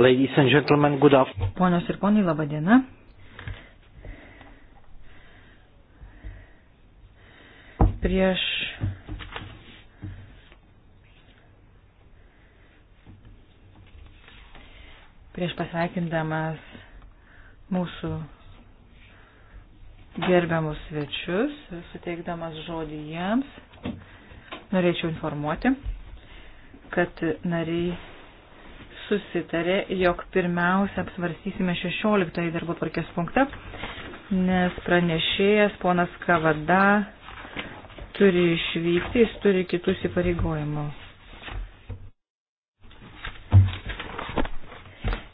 Ladies and gentlemen, good afternoon. Ponios ir ponai, laba diena. Prieš prieš pasveikindamas mūsų gerbiamus svečius, suteikdamas žodį jiems, norėčiau informuoti, kad nariai susitarė, jog pirmiausia apsvarstysime 16 darbo tvarkės punktą, nes pranešėjas ponas Kavada turi išvykti, jis turi kitus įpareigojimus.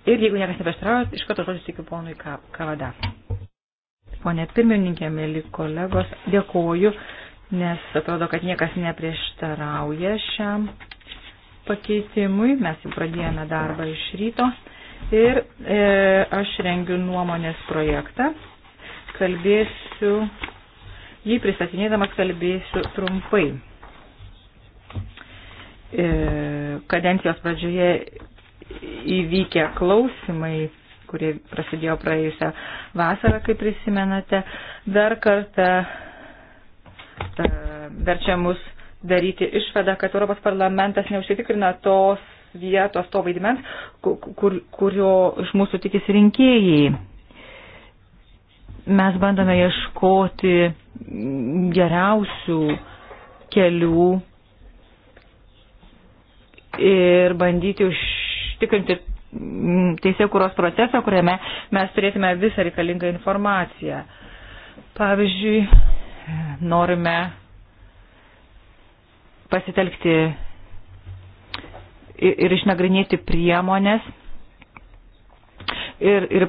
Ir jeigu niekas neprieštarauja, iš karto žodžius tikiu ponui Kavada. Pone pirmininkė, mėly kolegos, dėkoju, nes atrodo, kad niekas neprieštarauja šiam pakeitimui. Mes jau pradėjome darbą iš ryto. Ir e, aš rengiu nuomonės projektą. Kalbėsiu, jį pristatinėdamas kalbėsiu trumpai. E, kadencijos pradžioje įvykę klausimai kurie prasidėjo praėjusią vasarą, kaip prisimenate, dar kartą verčia mus daryti išvadą, kad Europos parlamentas neužsitikrina tos vietos, to vaidmens, kur, kurio iš mūsų tikisi rinkėjai. Mes bandome ieškoti geriausių kelių ir bandyti užtikrinti teisėkuros procesą, kuriame mes turėtume visą reikalingą informaciją. Pavyzdžiui, norime pasitelkti ir išnagrinėti priemonės. Ir, ir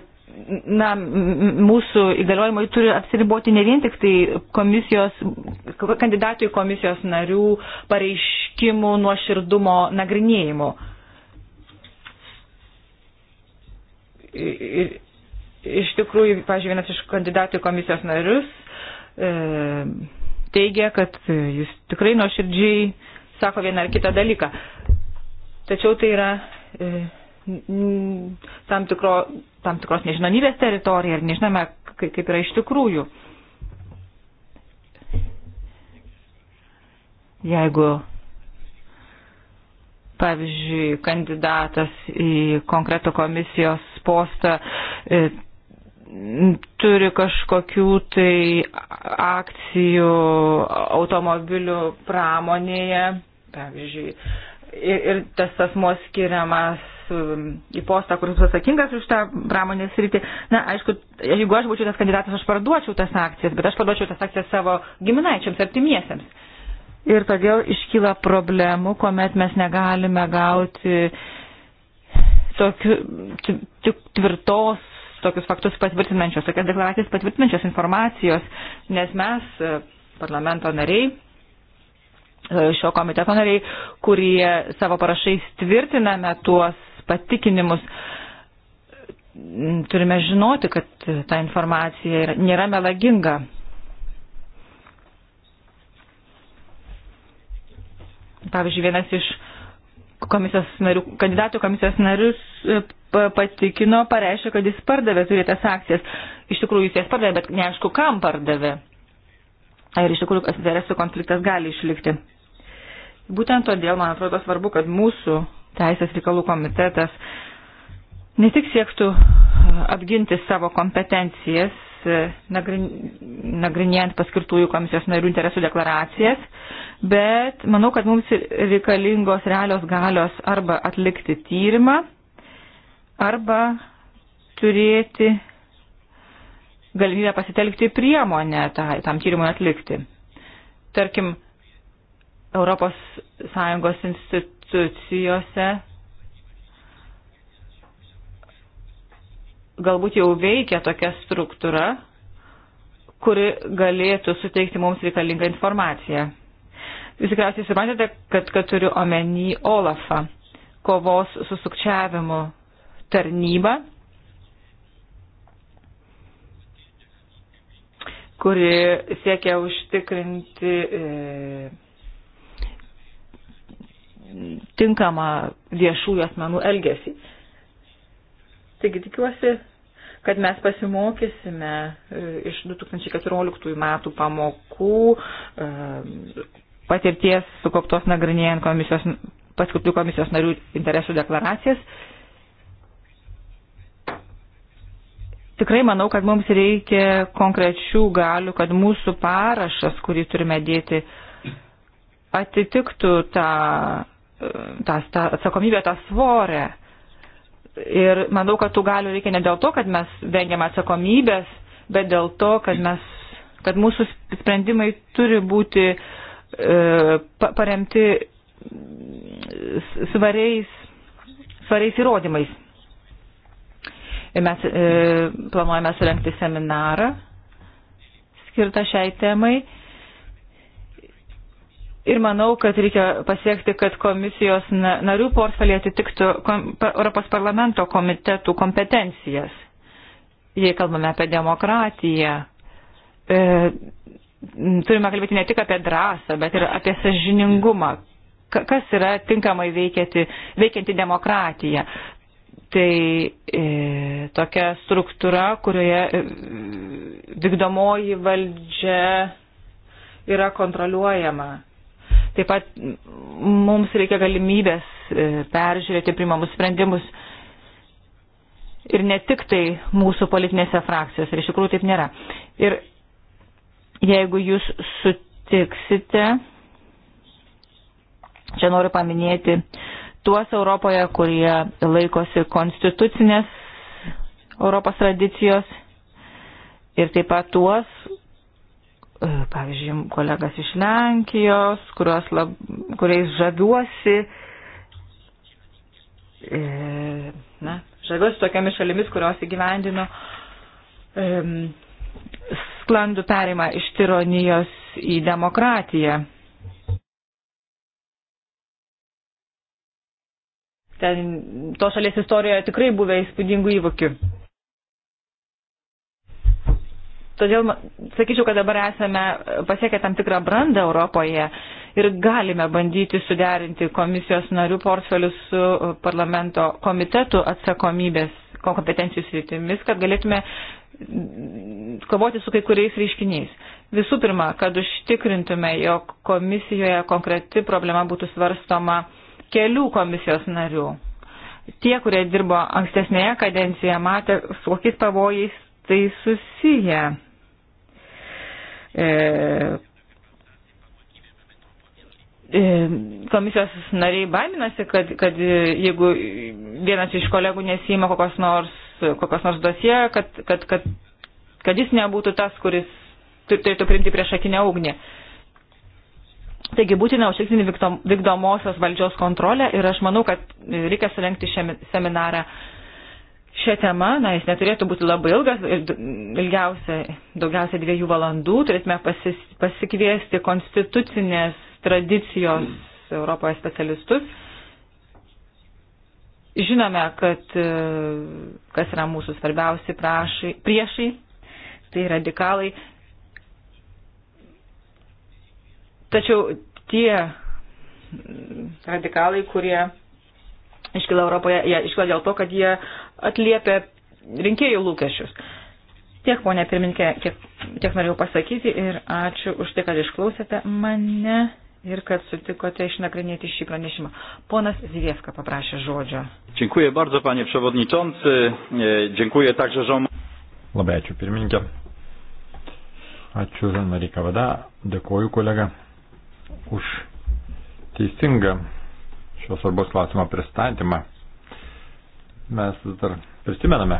na, mūsų įgaliojimai turi apsiriboti ne vien tik tai komisijos, kandidatų į komisijos narių pareiškimų nuoširdumo nagrinėjimu. Ir, iš tikrųjų, pažiūrėjau, vienas iš kandidatų į komisijos narius e, teigia, kad e, jis tikrai nuoširdžiai sako vieną ar kitą dalyką. Tačiau tai yra e, tam, tikro, tam tikros nežinomybės teritorija ir nežinome, kaip yra iš tikrųjų. Jeigu, pavyzdžiui, kandidatas į konkreto komisijos postą e, turi kažkokių tai akcijų automobilių pramonėje, pavyzdžiui, ir, ir tas asmo skiriamas um, į postą, kuris bus atsakingas už tą pramonės rytį. Na, aišku, jeigu aš būčiau tas kandidatas, aš parduočiau tas akcijas, bet aš parduočiau tas akcijas savo giminaičiams, artimiesiems. Ir todėl iškyla problemų, kuomet mes negalime gauti tokių tvirtos tokius faktus patvirtinančios, tokias deklaracijas patvirtinančios informacijos, nes mes, e, parlamento nariai, e, šio komiteto nariai, kurie savo parašais tvirtiname tuos patikinimus, turime žinoti, kad ta informacija nėra melaginga. Pavyzdžiui, vienas iš komisijos narių, kandidatų komisijos narius e, patikino, pareiškė, kad jis pardavė turėtas akcijas. Iš tikrųjų, jis jas pardavė, bet neaišku, kam pardavė. Ir iš tikrųjų, interesų konfliktas gali išlikti. Būtent todėl, man atrodo, svarbu, kad mūsų Teisės reikalų komitetas ne tik siektų e, apginti savo kompetencijas nagrinėjant paskirtųjų komisijos narių interesų deklaracijas, bet manau, kad mums reikalingos realios galios arba atlikti tyrimą, arba turėti galimybę pasitelkti priemonę tam tyrimui atlikti. Tarkim, Europos Sąjungos institucijose galbūt jau veikia tokia struktūra, kuri galėtų suteikti mums reikalingą informaciją. Jūs tikriausiai suprantate, kad, kad turiu omeny Olafą, kovos su sukčiavimu tarnybą, kuri siekia užtikrinti e, tinkamą viešųjų asmenų elgesį. E, Taigi tikiuosi, kad mes pasimokysime e, iš 2014 metų pamokų, e, patirties sukauptos nagrinėjant komisijos, paskutų komisijos narių interesų deklaracijas. Tikrai manau, kad mums reikia konkrečių galių, kad mūsų parašas, kurį turime dėti, atitiktų tą, e, tą, tą atsakomybę, tą svorę. Ir manau, kad tų galių reikia ne dėl to, kad mes vengiam atsakomybės, bet dėl to, kad, mes, kad mūsų sprendimai turi būti e, paremti svariais, svariais įrodymais. Ir mes e, planuojame surenkti seminarą skirtą šiai temai Ir manau, kad reikia pasiekti, kad komisijos narių portfelį atitiktų Europos parlamento komitetų kompetencijas. Jei kalbame apie demokratiją, e, turime kalbėti ne tik apie drąsą, bet ir apie sažiningumą. Kas yra tinkamai veikianti, veikianti demokratija? Tai e, tokia struktūra, kurioje e, vykdomoji valdžia yra kontroliuojama Taip pat mums reikia galimybės e, peržiūrėti primamus sprendimus ir ne tik tai mūsų politinėse frakcijose, ir iš tikrųjų taip nėra. Ir jeigu jūs sutiksite, čia noriu paminėti tuos Europoje, kurie laikosi konstitucinės Europos tradicijos ir taip pat tuos, E, pavyzdžiui, kolegas iš Lenkijos, lab, kuriais žaviuosi. E, na, žaviuosi tokiamis šalimis, kurios įgyvendino e, sklandų perimą iš tironijos į demokratiją. Ten to šalies istorijoje tikrai buvę įspūdingų įvykių. Todėl sakyčiau, kad dabar esame pasiekę tam tikrą brandą Europoje ir galime bandyti suderinti komisijos narių portfelius su uh, parlamento komitetų atsakomybės kompetencijų sritimis, kad galėtume mm, kovoti su kai kuriais reiškiniais. Visų pirma, kad užtikrintume, jog komisijoje konkreti problema būtų svarstoma kelių komisijos narių. Tie, kurie dirbo ankstesnėje kadencijoje, matė, su kokiais pavojais tai susiję. E, e, komisijos nariai baiminasi, kad, kad jeigu vienas iš kolegų nesima kokios nors, kokios nors dosie, kad, kad, kad, kad jis nebūtų tas, kuris turėtų priimti prieš akinę ugnį. Taigi būtina užtikrinti vykdomosios valdžios kontrolę ir aš manau, kad reikia sulenkti šiame seminarą šią temą, na, jis neturėtų būti labai ilgas ir ilgiausia, daugiausia dviejų valandų, turėtume pasis, pasikviesti konstitucinės tradicijos Europoje specialistus. Žinome, kad e, kas yra mūsų svarbiausi prašai, priešai, tai radikalai. Tačiau tie radikalai, kurie iškilo Europoje, jie iškilo dėl to, kad jie atliepia rinkėjų lūkesčius. Tiek, ponė pirminkė, tiek, tiek norėjau pasakyti ir ačiū už tai, kad išklausėte mane ir kad sutikote išnagrinėti šį pranešimą. Ponas Zivieska paprašė žodžio. Dziękuję bardzo, panie przewodniczący. E, dziękuję także żoną. Labai ačiū, pirmininkė. Ačiū, Zanmarį Kavada. Dėkuoju, kolega, už teisingą šios svarbos klausimo pristatymą mes dar prisimename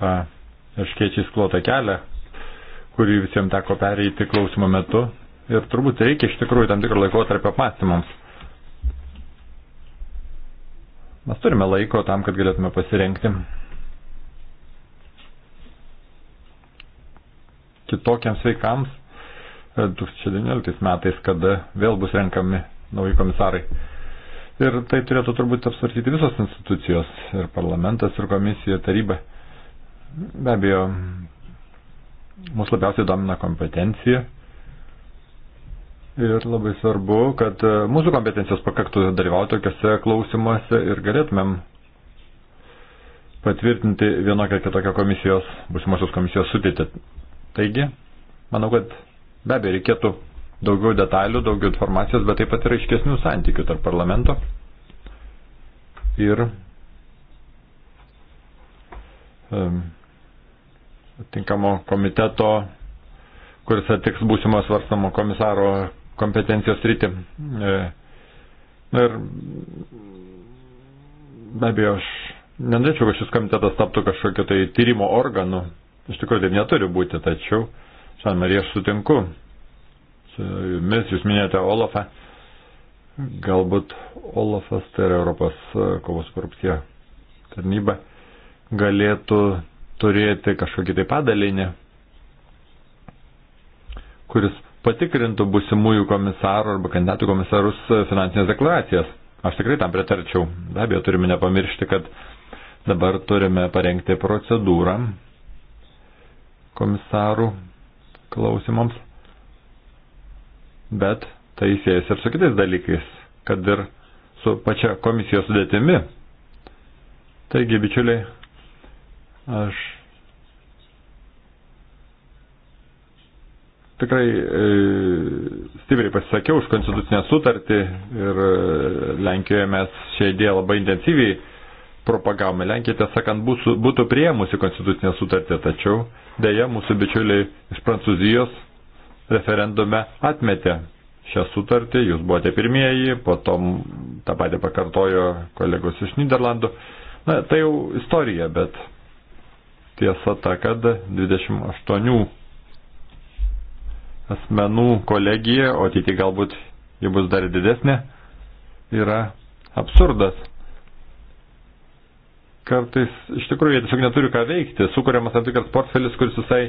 tą iškeičiai sklotą kelią, kurį visiems teko pereiti klausimo metu. Ir turbūt reikia iš tikrųjų tam tikro laikotarpio apmąstymams. Mes turime laiko tam, kad galėtume pasirenkti kitokiams veikams 2019 e, metais, kada vėl bus renkami nauji komisarai. Ir tai turėtų turbūt apsvarstyti visos institucijos - ir parlamentas, ir komisija, taryba. Be abejo, mus labiausiai domina kompetencija. Ir labai svarbu, kad e, mūsų kompetencijos pakaktų dalyvauti tokiuose klausimuose ir galėtumėm patvirtinti vienokią ar kitokią komisijos, būsimosios komisijos sudėtį. Taigi, manau, kad be abejo reikėtų daugiau detalių, daugiau informacijos, bet taip pat ir aiškesnių santykių tarp parlamento ir um, tinkamo komiteto, kuris atiks būsimo svarstamo komisaro kompetencijos rytį. E, na ir be abejo, aš nenorėčiau, kad šis komitetas taptų kažkokiu tai tyrimo organu. Iš tikrųjų, taip neturi būti, tačiau, šiandien Marija, aš sutinku jumis, jūs minėjote Olafą. Galbūt Olafas, tai yra Europos kovos korupcija tarnyba, galėtų turėti kažkokį tai padalinį, kuris patikrintų busimųjų komisarų arba kandidatų komisarus finansinės deklaracijas. Aš tikrai tam pritarčiau. Be abejo, turime nepamiršti, kad dabar turime parengti procedūrą komisarų klausimams bet tai siejasi ir su kitais dalykais, kad ir su pačia komisijos sudėtimi. Taigi, bičiuliai, aš tikrai e, stipriai pasisakiau už konstitucinę sutartį ir e, Lenkijoje mes šią idėją labai intensyviai propagavome. Lenkija, tiesą sakant, būtų, būtų prieimusi konstitucinę sutartį, tačiau dėja mūsų bičiuliai iš Prancūzijos referendume atmetė šią sutartį, jūs buvote pirmieji, po to tą patį pakartojo kolegos iš Niderlandų. Na, tai jau istorija, bet tiesa ta, kad 28 asmenų kolegija, o ateity galbūt ji bus dar didesnė, yra absurdas. Kartais iš tikrųjų jie tiesiog neturi ką veikti, sukuriamas tam tikras portfelis, kuris visai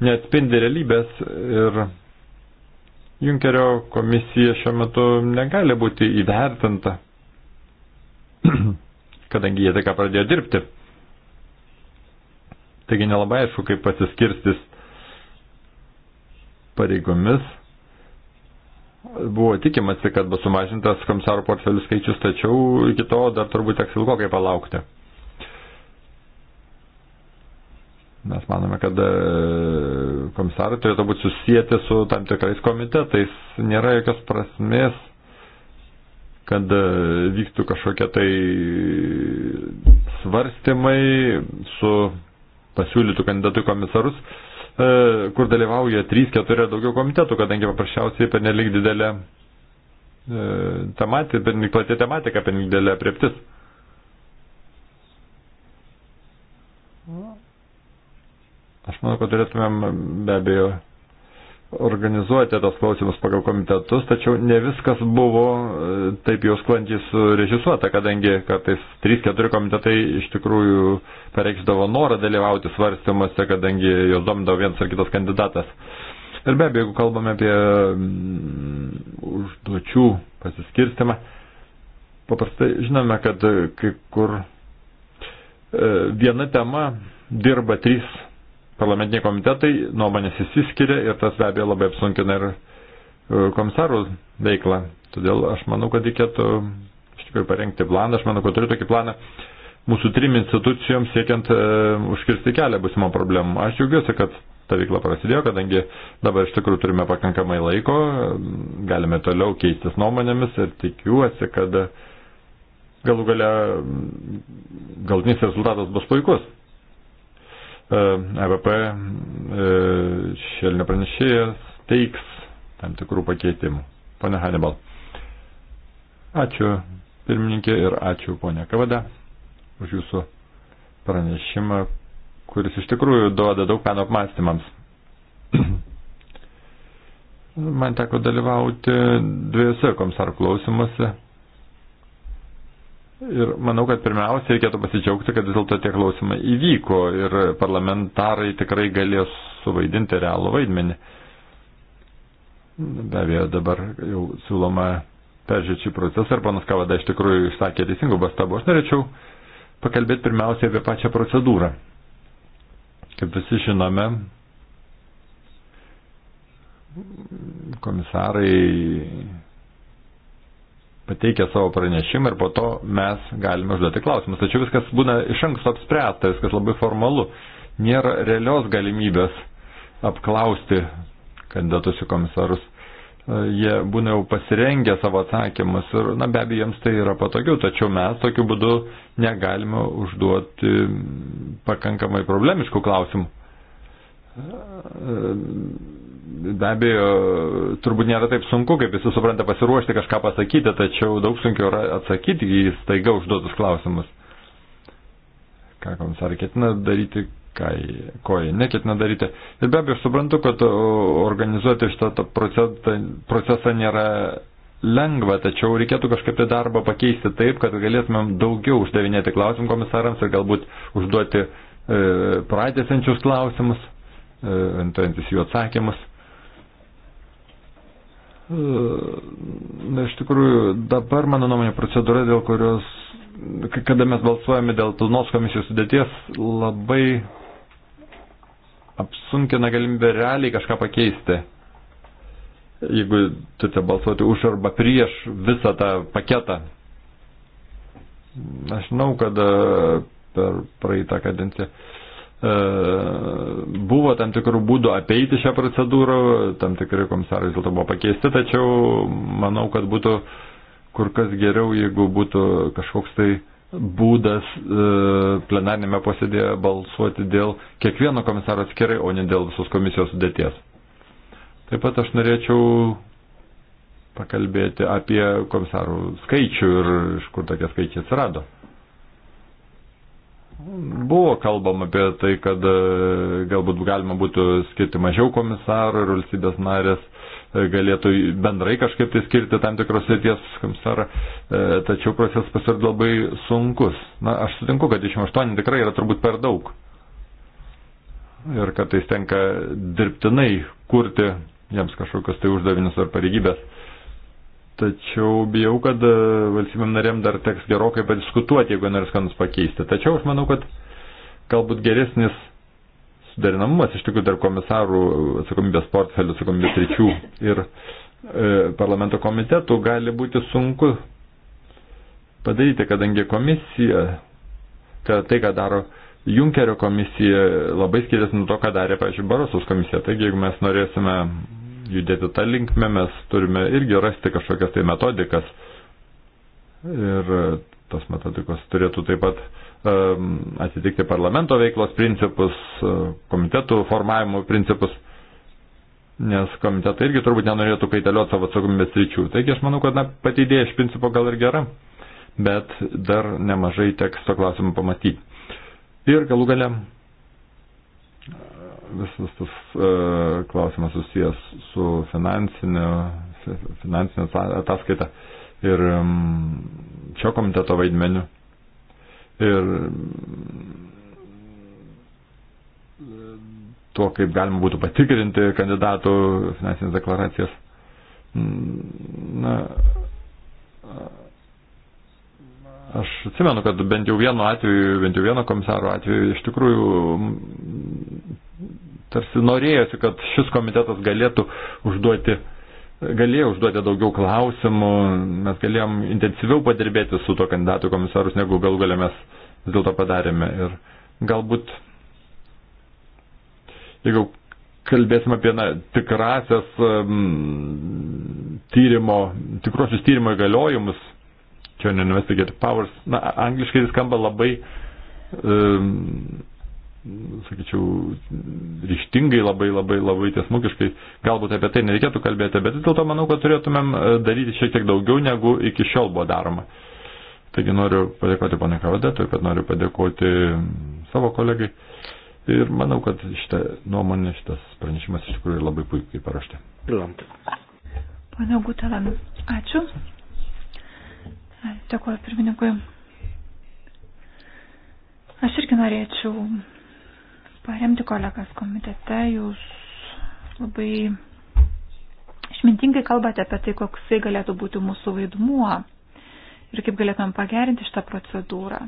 neatspindi realybės ir Junkerio komisija šiuo metu negali būti įvertinta, kadangi jie tik pradėjo dirbti. Taigi nelabai aišku, kaip pasiskirstis pareigomis. Buvo tikimasi, kad bus sumažintas komisarų portfelių skaičius, tačiau iki to dar turbūt teks ilgokai palaukti. Mes manome, kad e, komisarai turėtų būti susijęti su tam tikrais komitetais. Nėra jokios prasmės, kad e, vyktų kažkokie tai svarstymai su pasiūlytų kandidatų komisarus, e, kur dalyvauja 3-4 daugiau komitetų, kadangi paprasčiausiai per nelik didelę tematį, per plati tematika, per didelę prieptis. Aš manau, kad turėtumėm be abejo organizuoti tos klausimus pagal komitetus, tačiau ne viskas buvo e, taip jau sklandžiai surežisuota, kadangi kartais 3-4 komitetai iš tikrųjų pareikšdavo norą dalyvauti svarstymuose, kadangi jos domdavo vienas ar kitas kandidatas. Ir be abejo, jeigu kalbame apie mm, užduočių pasiskirstimą, paprastai žinome, kad kai kur e, viena tema dirba trys parlamentiniai komitetai nuomonės įsiskiria ir tas be abejo labai apsunkina ir e, komisarų veiklą. Todėl aš manau, kad reikėtų iš tikrųjų parengti planą, aš manau, kad turiu tokį planą mūsų trim institucijoms siekiant e, užkirsti kelią būsimo problemų. Aš džiaugiuosi, kad ta veikla prasidėjo, kadangi dabar iš tikrųjų turime pakankamai laiko, galime toliau keistis nuomonėmis ir tikiuosi, kad galų gale galtinis rezultatas bus puikus. EVP e e, šėlinio pranešėjas teiks tam tikrų pakeitimų. Pone Hannibal. Ačiū pirmininkė ir ačiū ponė Kavada už jūsų pranešimą, kuris iš tikrųjų duoda daug peno apmąstymams. Man teko dalyvauti dviejose komisarų klausimuose Ir manau, kad pirmiausia reikėtų pasidžiaugti, kad vis dėlto tie klausimai įvyko ir parlamentarai tikrai galės suvaidinti realų vaidmenį. Be abejo, dabar jau siūloma peržiūrėti šį procesą ir panas Kavada iš tikrųjų išsakė teisingų pastabų. Aš norėčiau pakalbėti pirmiausiai apie pačią procedūrą. Kaip visi žinome, komisarai pateikia savo pranešimą ir po to mes galime užduoti klausimus. Tačiau viskas būna iš anksto apspręsta, viskas labai formalu. Nėra realios galimybės apklausti kandidatus į komisarus. E, jie būna jau pasirengę savo atsakymus ir, na, be abejo, jiems tai yra patogiau, tačiau mes tokiu būdu negalime užduoti pakankamai problemiškų klausimų. Be abejo, turbūt nėra taip sunku, kaip visi supranta, pasiruošti kažką pasakyti, tačiau daug sunkiau yra atsakyti į staiga užduotus klausimus. Ką komisarė ketina daryti, ką, ko jie neketina daryti. Ir be abejo, aš suprantu, kad organizuoti šitą procesą, procesą nėra lengva, tačiau reikėtų kažkaip tai darbą pakeisti taip, kad galėtumėm daugiau uždavinėti klausimų komisarams ir galbūt užduoti e, pratėsiančius klausimus orientuojantis jų atsakymus. E, na, iš tikrųjų, dabar, mano nuomonė, procedūra, dėl kurios, kada mes balsuojame dėl pilnos komisijos sudėties, labai apsunkina galimybę realiai kažką pakeisti. Jeigu turite balsuoti už arba prieš visą tą paketą. Aš žinau, kad e, per praeitą kadenciją E, buvo tam tikrų būdų apeiti šią procedūrą, tam tikri komisarai vis dėlto buvo pakeisti, tačiau manau, kad būtų kur kas geriau, jeigu būtų kažkoks tai būdas e, plenarnėme posėdėje balsuoti dėl kiekvieno komisaro atskirai, o ne dėl visos komisijos sudėties. Taip pat aš norėčiau pakalbėti apie komisarų skaičių ir iš kur tokie skaičiai atsirado. Buvo kalbama apie tai, kad e, galbūt galima būtų skirti mažiau komisarų ir valstybės narės e, galėtų bendrai kažkaip tai skirti tam tikros sėties komisarą, e, tačiau procesas pasirodė labai sunkus. Na, aš sutinku, kad 28 tikrai yra turbūt per daug. Ir kad tai tenka dirbtinai kurti jiems kažkokius tai uždavinius ar pareigybės. Tačiau bijau, kad e, valstybėm narėm dar teks gerokai padiskutuoti, jeigu nors ką nors pakeisti. Tačiau aš manau, kad galbūt geresnis suderinamumas iš tikrųjų tarp komisarų atsakomybės portfelių, atsakomybės ryčių ir e, parlamento komitetų gali būti sunku padaryti, kadangi komisija, kad tai, ką daro Junkerio komisija, labai skiriasi nuo to, ką darė, pažiūrėjau, Barosos komisija. Taigi, jeigu mes norėsime judėti tą linkmę, mes turime irgi rasti kažkokias tai metodikas. Ir tos metodikos turėtų taip pat um, atitikti parlamento veiklos principus, e, komitetų formavimo principus, nes komitetai irgi turbūt nenorėtų kaitalioti savo atsakomybės ryčių. Taigi aš manau, kad na, pati idėja iš principo gal ir gera, bet dar nemažai teksto klausimų pamatyti. Ir galų gale visas tas e, klausimas susijęs su finansinė ataskaita ir šio komiteto vaidmeniu. Ir e, to, kaip galima būtų patikrinti kandidatų finansinės deklaracijas. Na, Aš atsimenu, kad bent jau vieno atveju, bent jau vieno komisaro atveju, iš tikrųjų tarsi norėjosi, kad šis komitetas galėtų užduoti, galėjo užduoti daugiau klausimų, mes galėjom intensyviau padirbėti su to kandidatu komisarus, negu gal galę mes vis dėlto padarėme. Ir galbūt, jeigu kalbėsim apie na, tikrasias um, tyrimo, tikrosius tyrimo įgaliojimus, čia investigative powers, na, angliškai jis skamba labai um, sakyčiau, ryštingai labai labai labai tiesmukiškai, galbūt apie tai nereikėtų kalbėti, bet vis dėlto manau, kad turėtumėm e, daryti šiek tiek daugiau, negu iki šiol buvo daroma. Taigi noriu padėkoti ponai Kavadė, taip pat noriu padėkoti savo kolegai ir manau, kad šitą nuomonę, šitas pranešimas iš tikrųjų labai puikiai paraštė. Pane Gutelan, ačiū. Dėkuoju pirmininkui. Aš irgi norėčiau paremti kolegas komitete. Jūs labai išmintingai kalbate apie tai, koksai galėtų būti mūsų vaidmuo ir kaip galėtumėm pagerinti šitą procedūrą.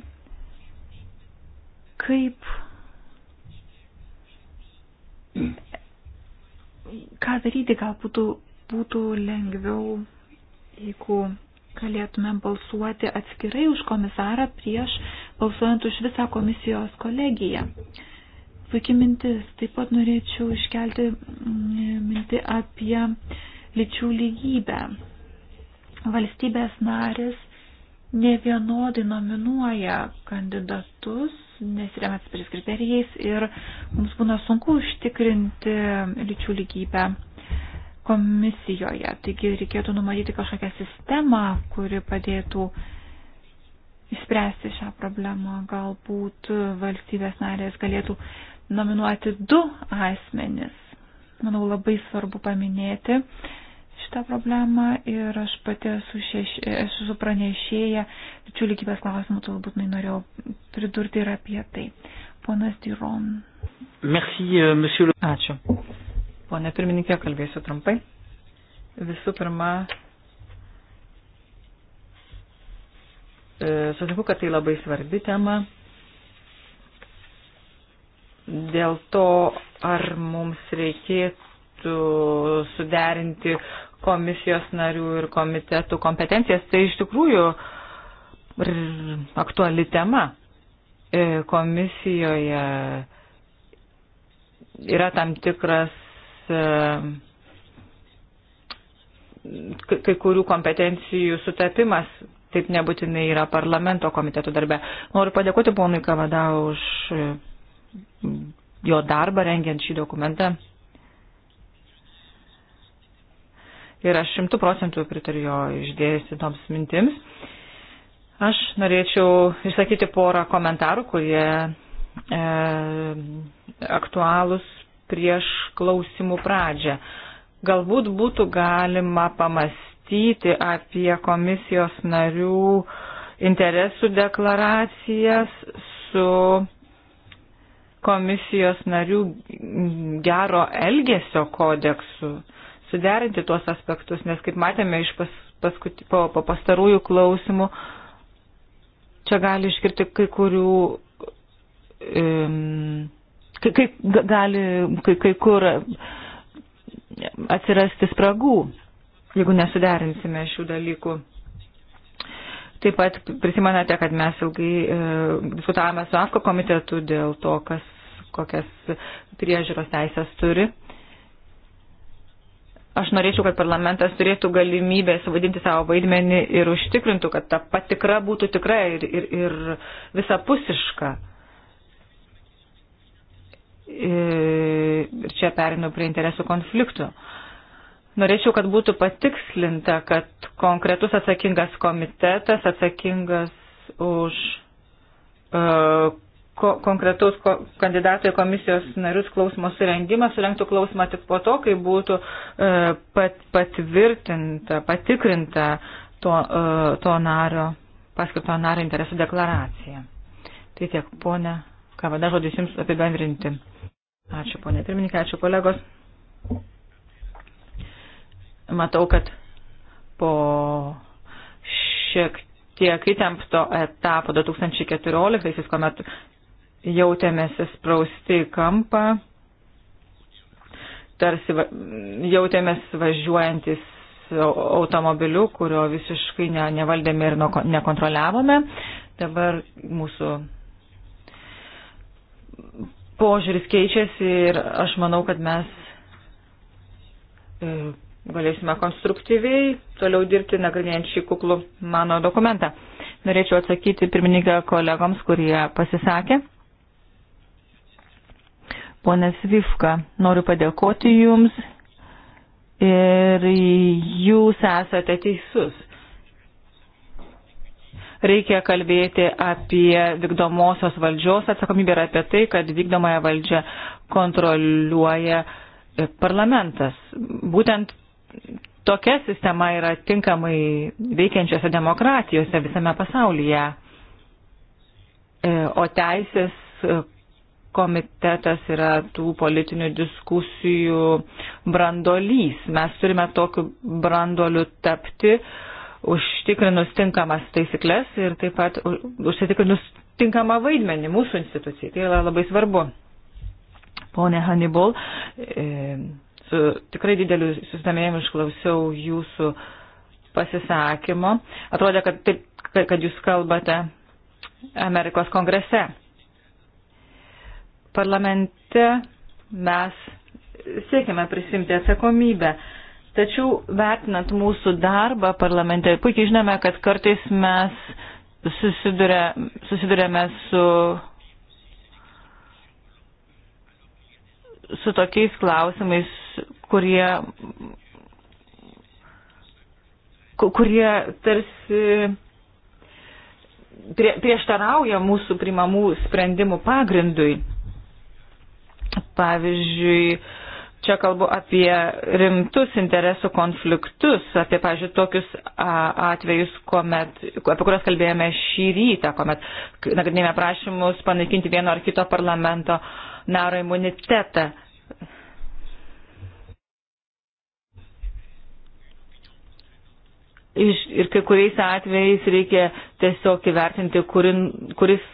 Kaip. Ką daryti, gal būtų, būtų lengviau, jeigu galėtumėm balsuoti atskirai už komisarą prieš balsuojant už visą komisijos kolegiją. Uh, puikia mintis. Taip pat norėčiau iškelti mm, mintį apie lyčių lygybę. Valstybės narės ne vienodai nominuoja kandidatus, nesiremėtis pris kriterijais ir mums būna sunku užtikrinti lyčių lygybę komisijoje. Taigi reikėtų numatyti kažkokią sistemą, kuri padėtų išspręsti šią problemą. Galbūt valstybės narės galėtų nominuoti du asmenis. Manau, labai svarbu paminėti šitą problemą ir aš pati esu, šeš, esu pranešėja, tačiau lygybės klausimų turbūt norėjau pridurti ir apie tai. Ponas Diron. Merci, euh, monsieur. Ačiū. Pone pirmininkė, kalbėsiu trumpai. Visų pirma, e, sutinku, kad tai labai svarbi tema dėl to, ar mums reikėtų suderinti komisijos narių ir komitetų kompetencijas, tai iš tikrųjų aktuali tema. E, komisijoje yra tam tikras e, kai kurių kompetencijų sutapimas, taip nebūtinai yra parlamento komitetų darbe. Noriu padėkoti ponui Kavada už e, jo darbą rengiant šį dokumentą. Ir aš šimtų procentų pritariu jo išdėstytoms mintims. Aš norėčiau išsakyti porą komentarų, kurie e, aktualūs prieš klausimų pradžią. Galbūt būtų galima pamastyti apie komisijos narių interesų deklaracijas su komisijos narių gero elgesio kodeksu, suderinti tuos aspektus, nes kaip matėme iš pas, paskuti, po, po pastarųjų klausimų, čia gali iškirti kai kurių, um, kai, kai, gali kai, kai kur atsirasti spragų, jeigu nesuderinsime šių dalykų. Taip pat prisimenate, kad mes ilgai e, diskutavome su AFKO komitetu dėl to, kas kokias priežiūros teisės turi. Aš norėčiau, kad parlamentas turėtų galimybę suvadinti savo vaidmenį ir užtikrintų, kad ta patikra būtų tikra ir, ir, ir visapusiška. Ir čia perinu prie interesų konfliktų. Norėčiau, kad būtų patikslinta, kad konkretus atsakingas komitetas atsakingas už uh, ko, konkretaus ko, kandidato į komisijos narius klausimo surengimas, surengtų klausimą tik po to, kai būtų e, pat, patvirtinta, patikrinta to, e, to nario, paskirto nario interesų deklaracija. Tai tiek, ponė, ką vada žodis jums apibendrinti. Ačiū, ponė pirmininkė, ačiū kolegos. Matau, kad po šiek tiek įtempto etapo 2014, kuomet jautėmės įsprausti į kampą, tarsi va, jautėmės važiuojantis automobiliu, kurio visiškai ne, nevaldėme ir nekontroliavome. Dabar mūsų požiūris keičiasi ir aš manau, kad mes e, galėsime konstruktyviai toliau dirbti, nagrinėjant šį kuklų mano dokumentą. Norėčiau atsakyti pirmininką kolegoms, kurie pasisakė. Ponas Vifka, noriu padėkoti Jums ir Jūs esate teisus. Reikia kalbėti apie vykdomosios valdžios atsakomybę ir apie tai, kad vykdomąją valdžią kontroliuoja parlamentas. Būtent tokia sistema yra tinkamai veikiančiose demokratijose visame pasaulyje. E, o teisės komitetas yra tų politinių diskusijų brandolys. Mes turime tokiu brandoliu tapti, užtikrinus tinkamas taisyklės ir taip pat užsitikrinus tinkamą vaidmenį mūsų institucijai. Tai yra labai svarbu. Pone Hannibal, e, su tikrai dideliu susidomėjimu išklausiau jūsų pasisakymo. Atrodė, kad, taip, kad jūs kalbate Amerikos kongrese parlamente mes siekiame prisimti atsakomybę. Tačiau vertinant mūsų darbą parlamente, puikiai žinome, kad kartais mes susiduria, susidurėme su, su tokiais klausimais, kurie, kurie tarsi prieštarauja mūsų primamų sprendimų pagrindui. Pavyzdžiui, čia kalbu apie rimtus interesų konfliktus, apie, pavyzdžiui, tokius atvejus, kuomet, apie kuriuos kalbėjome šį rytą, kuomet nagrinėjome prašymus panaikinti vieno ar kito parlamento naro imunitetą. Iš, ir kai kuriais atvejais reikia tiesiog įvertinti, kurin, kuris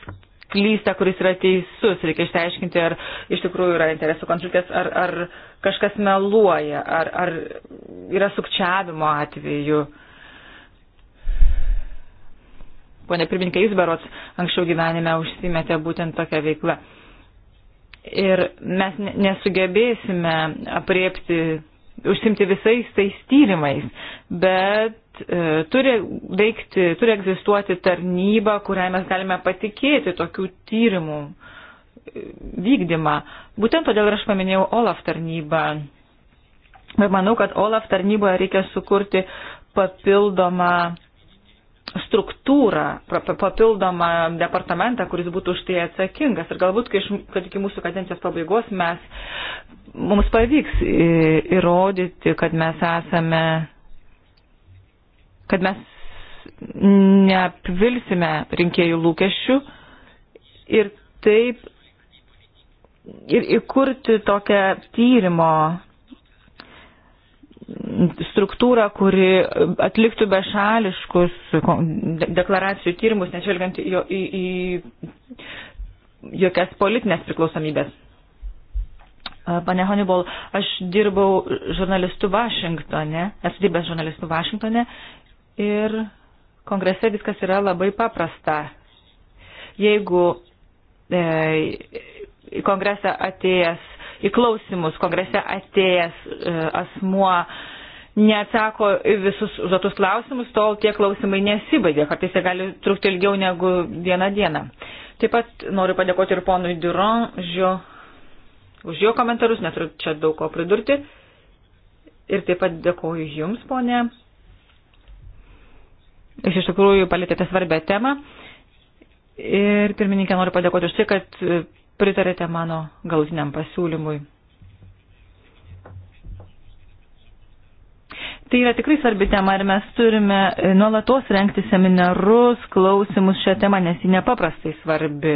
klysta, kuris yra teisus. Reikia išteiškinti, ar iš tikrųjų yra interesų konfliktas, ar, ar kažkas meluoja, ar, ar yra sukčiavimo atveju. Pone pirmininkai, jūs berots anksčiau gyvenime užsimėte būtent tokią veiklą. Ir mes nesugebėsime apriepti užsimti visais tais tyrimais, bet e, turi veikti, turi egzistuoti tarnyba, kuriai mes galime patikėti tokių tyrimų e, vykdymą. Būtent todėl aš paminėjau OLAF tarnybą. Bet manau, kad OLAF tarnyboje reikia sukurti papildomą struktūrą, papildomą departamentą, kuris būtų už tai atsakingas. Ir galbūt, kai, kad iki mūsų kadencijos pabaigos mes, mums pavyks įrodyti, kad mes esame, kad mes neapvilsime rinkėjų lūkesčių ir taip ir įkurti tokią tyrimo struktūrą, kuri atliktų bešališkus deklaracijų tyrimus, nežvelgiant į, į, į jokias politinės priklausomybės. Pane Honibol, aš dirbau žurnalistų Vašingtone, esu dirbęs žurnalistų Vašingtone ir kongrese viskas yra labai paprasta. Jeigu e, į kongresą atėjęs, į klausimus kongrese atėjęs e, asmuo e, neatsako visus užduotus klausimus, tol tie klausimai nesibaigia. Kartais jie gali trukti ilgiau negu vieną dieną. Taip pat noriu padėkoti ir ponui Duranžio už jo komentarus, neturiu čia daug ko pridurti. Ir taip pat dėkoju Jums, ponė. Jūs iš tikrųjų palėtėte svarbę temą. Ir pirmininkė noriu padėkoti už tai, kad pritarėte mano galutiniam pasiūlymui. Tai yra tikrai svarbi tema ir mes turime e, nuolatos renkti seminarus, klausimus šią temą, nes ji nepaprastai svarbi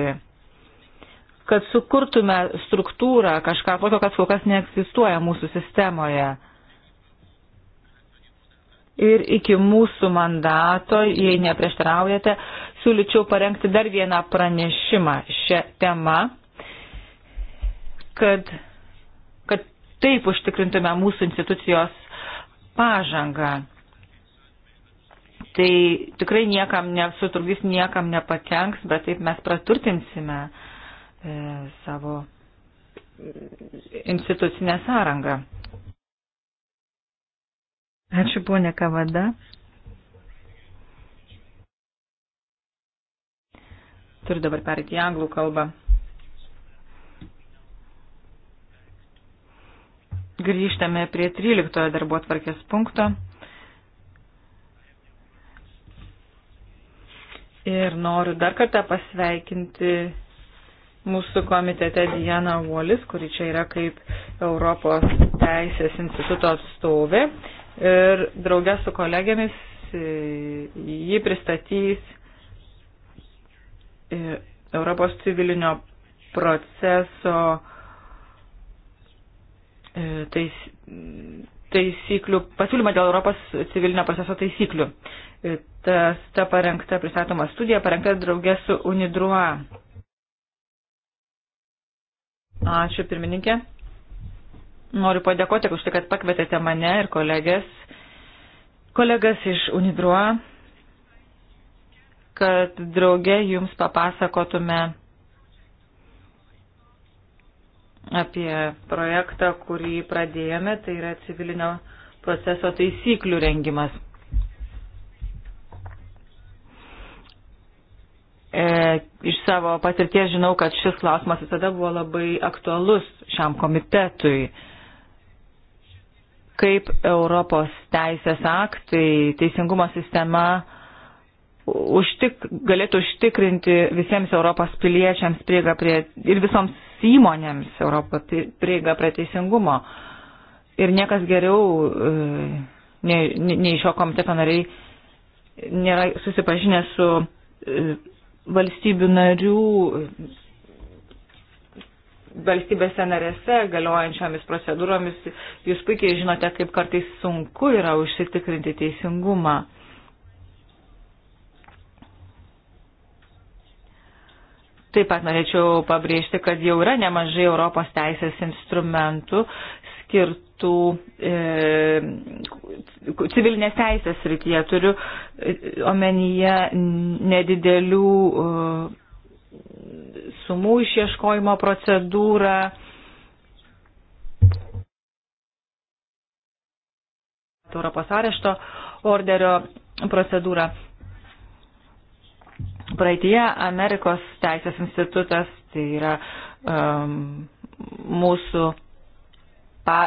kad sukurtume struktūrą, kažką tokio, kas kol kas neegzistuoja mūsų sistemoje. Ir iki mūsų mandato, jei neprieštaraujate, siūlyčiau parengti dar vieną pranešimą šią temą, kad, kad taip užtikrintume mūsų institucijos pažangą. Tai tikrai niekam nesutrukdys, niekam nepakenks, bet taip mes praturtinsime e, savo institucinę sąrangą. Ačiū, ponė Kavada. Turiu dabar perėti į anglų kalbą. Grįžtame prie 13 darbo tvarkės punkto. Ir noriu dar kartą pasveikinti mūsų komitete Diana Wallis, kuri čia yra kaip Europos teisės instituto atstovė. Ir draugė su kolegėmis e, jį pristatys e, Europos civilinio proceso E, tais, taisyklių, pasiūlymą dėl Europos civilinio proceso taisyklių. E, tas, ta parengta pristatoma studija parengta draugė su UNIDRUA. Ačiū pirmininkė. Noriu padėkoti už tai, kad pakvietėte mane ir kolegės, kolegas iš UNIDRUA, kad draugė jums papasakotume apie projektą, kurį pradėjome, tai yra civilinio proceso taisyklių rengimas. E, iš savo patirties žinau, kad šis klausimas visada buvo labai aktualus šiam komitetui. Kaip Europos teisės aktai, teisingumo sistema užtik, galėtų užtikrinti visiems Europos piliečiams prieigą prie ir visoms įmonėms Europos prieigą prie teisingumo. Ir niekas geriau e, nei, nei šio komiteto nariai nėra susipažinę su e, valstybių narių valstybėse narėse galiojančiomis procedūromis. Jūs puikiai žinote, kaip kartais sunku yra užsitikrinti teisingumą. Taip pat norėčiau pabrėžti, kad jau yra nemažai Europos teisės instrumentų skirtų e, civilinės teisės srityje. Turiu e, omenyje nedidelių e, sumų išieškojimo procedūrą. Europos arešto orderio procedūrą. Praeitie Amerikos teisės institutas, tai yra um, mūsų pa,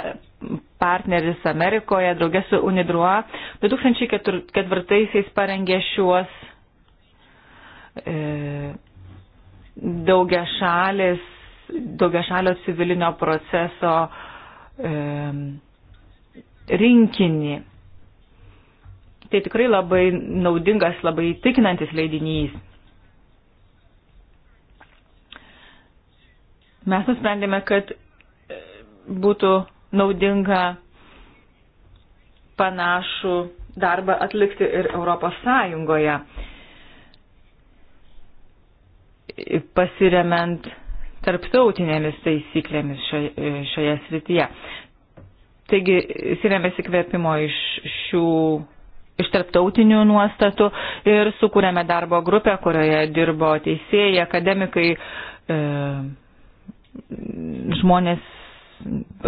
partneris Amerikoje, draugė su Unidrua, 2004 parengė šiuos e, daugia šalis, daugia šalio civilinio proceso e, rinkinį. Tai tikrai labai naudingas, labai tikinantis leidinys. Mes nusprendėme, kad e, būtų naudinga panašų darbą atlikti ir Europos Sąjungoje, pasiremiant tarptautinėmis taisyklėmis šioje, šioje srityje. Taigi, sirėmės įkvėpimo iš šių iš tarptautinių nuostatų ir sukūrėme darbo grupę, kurioje dirbo teisėjai, akademikai, e, žmonės,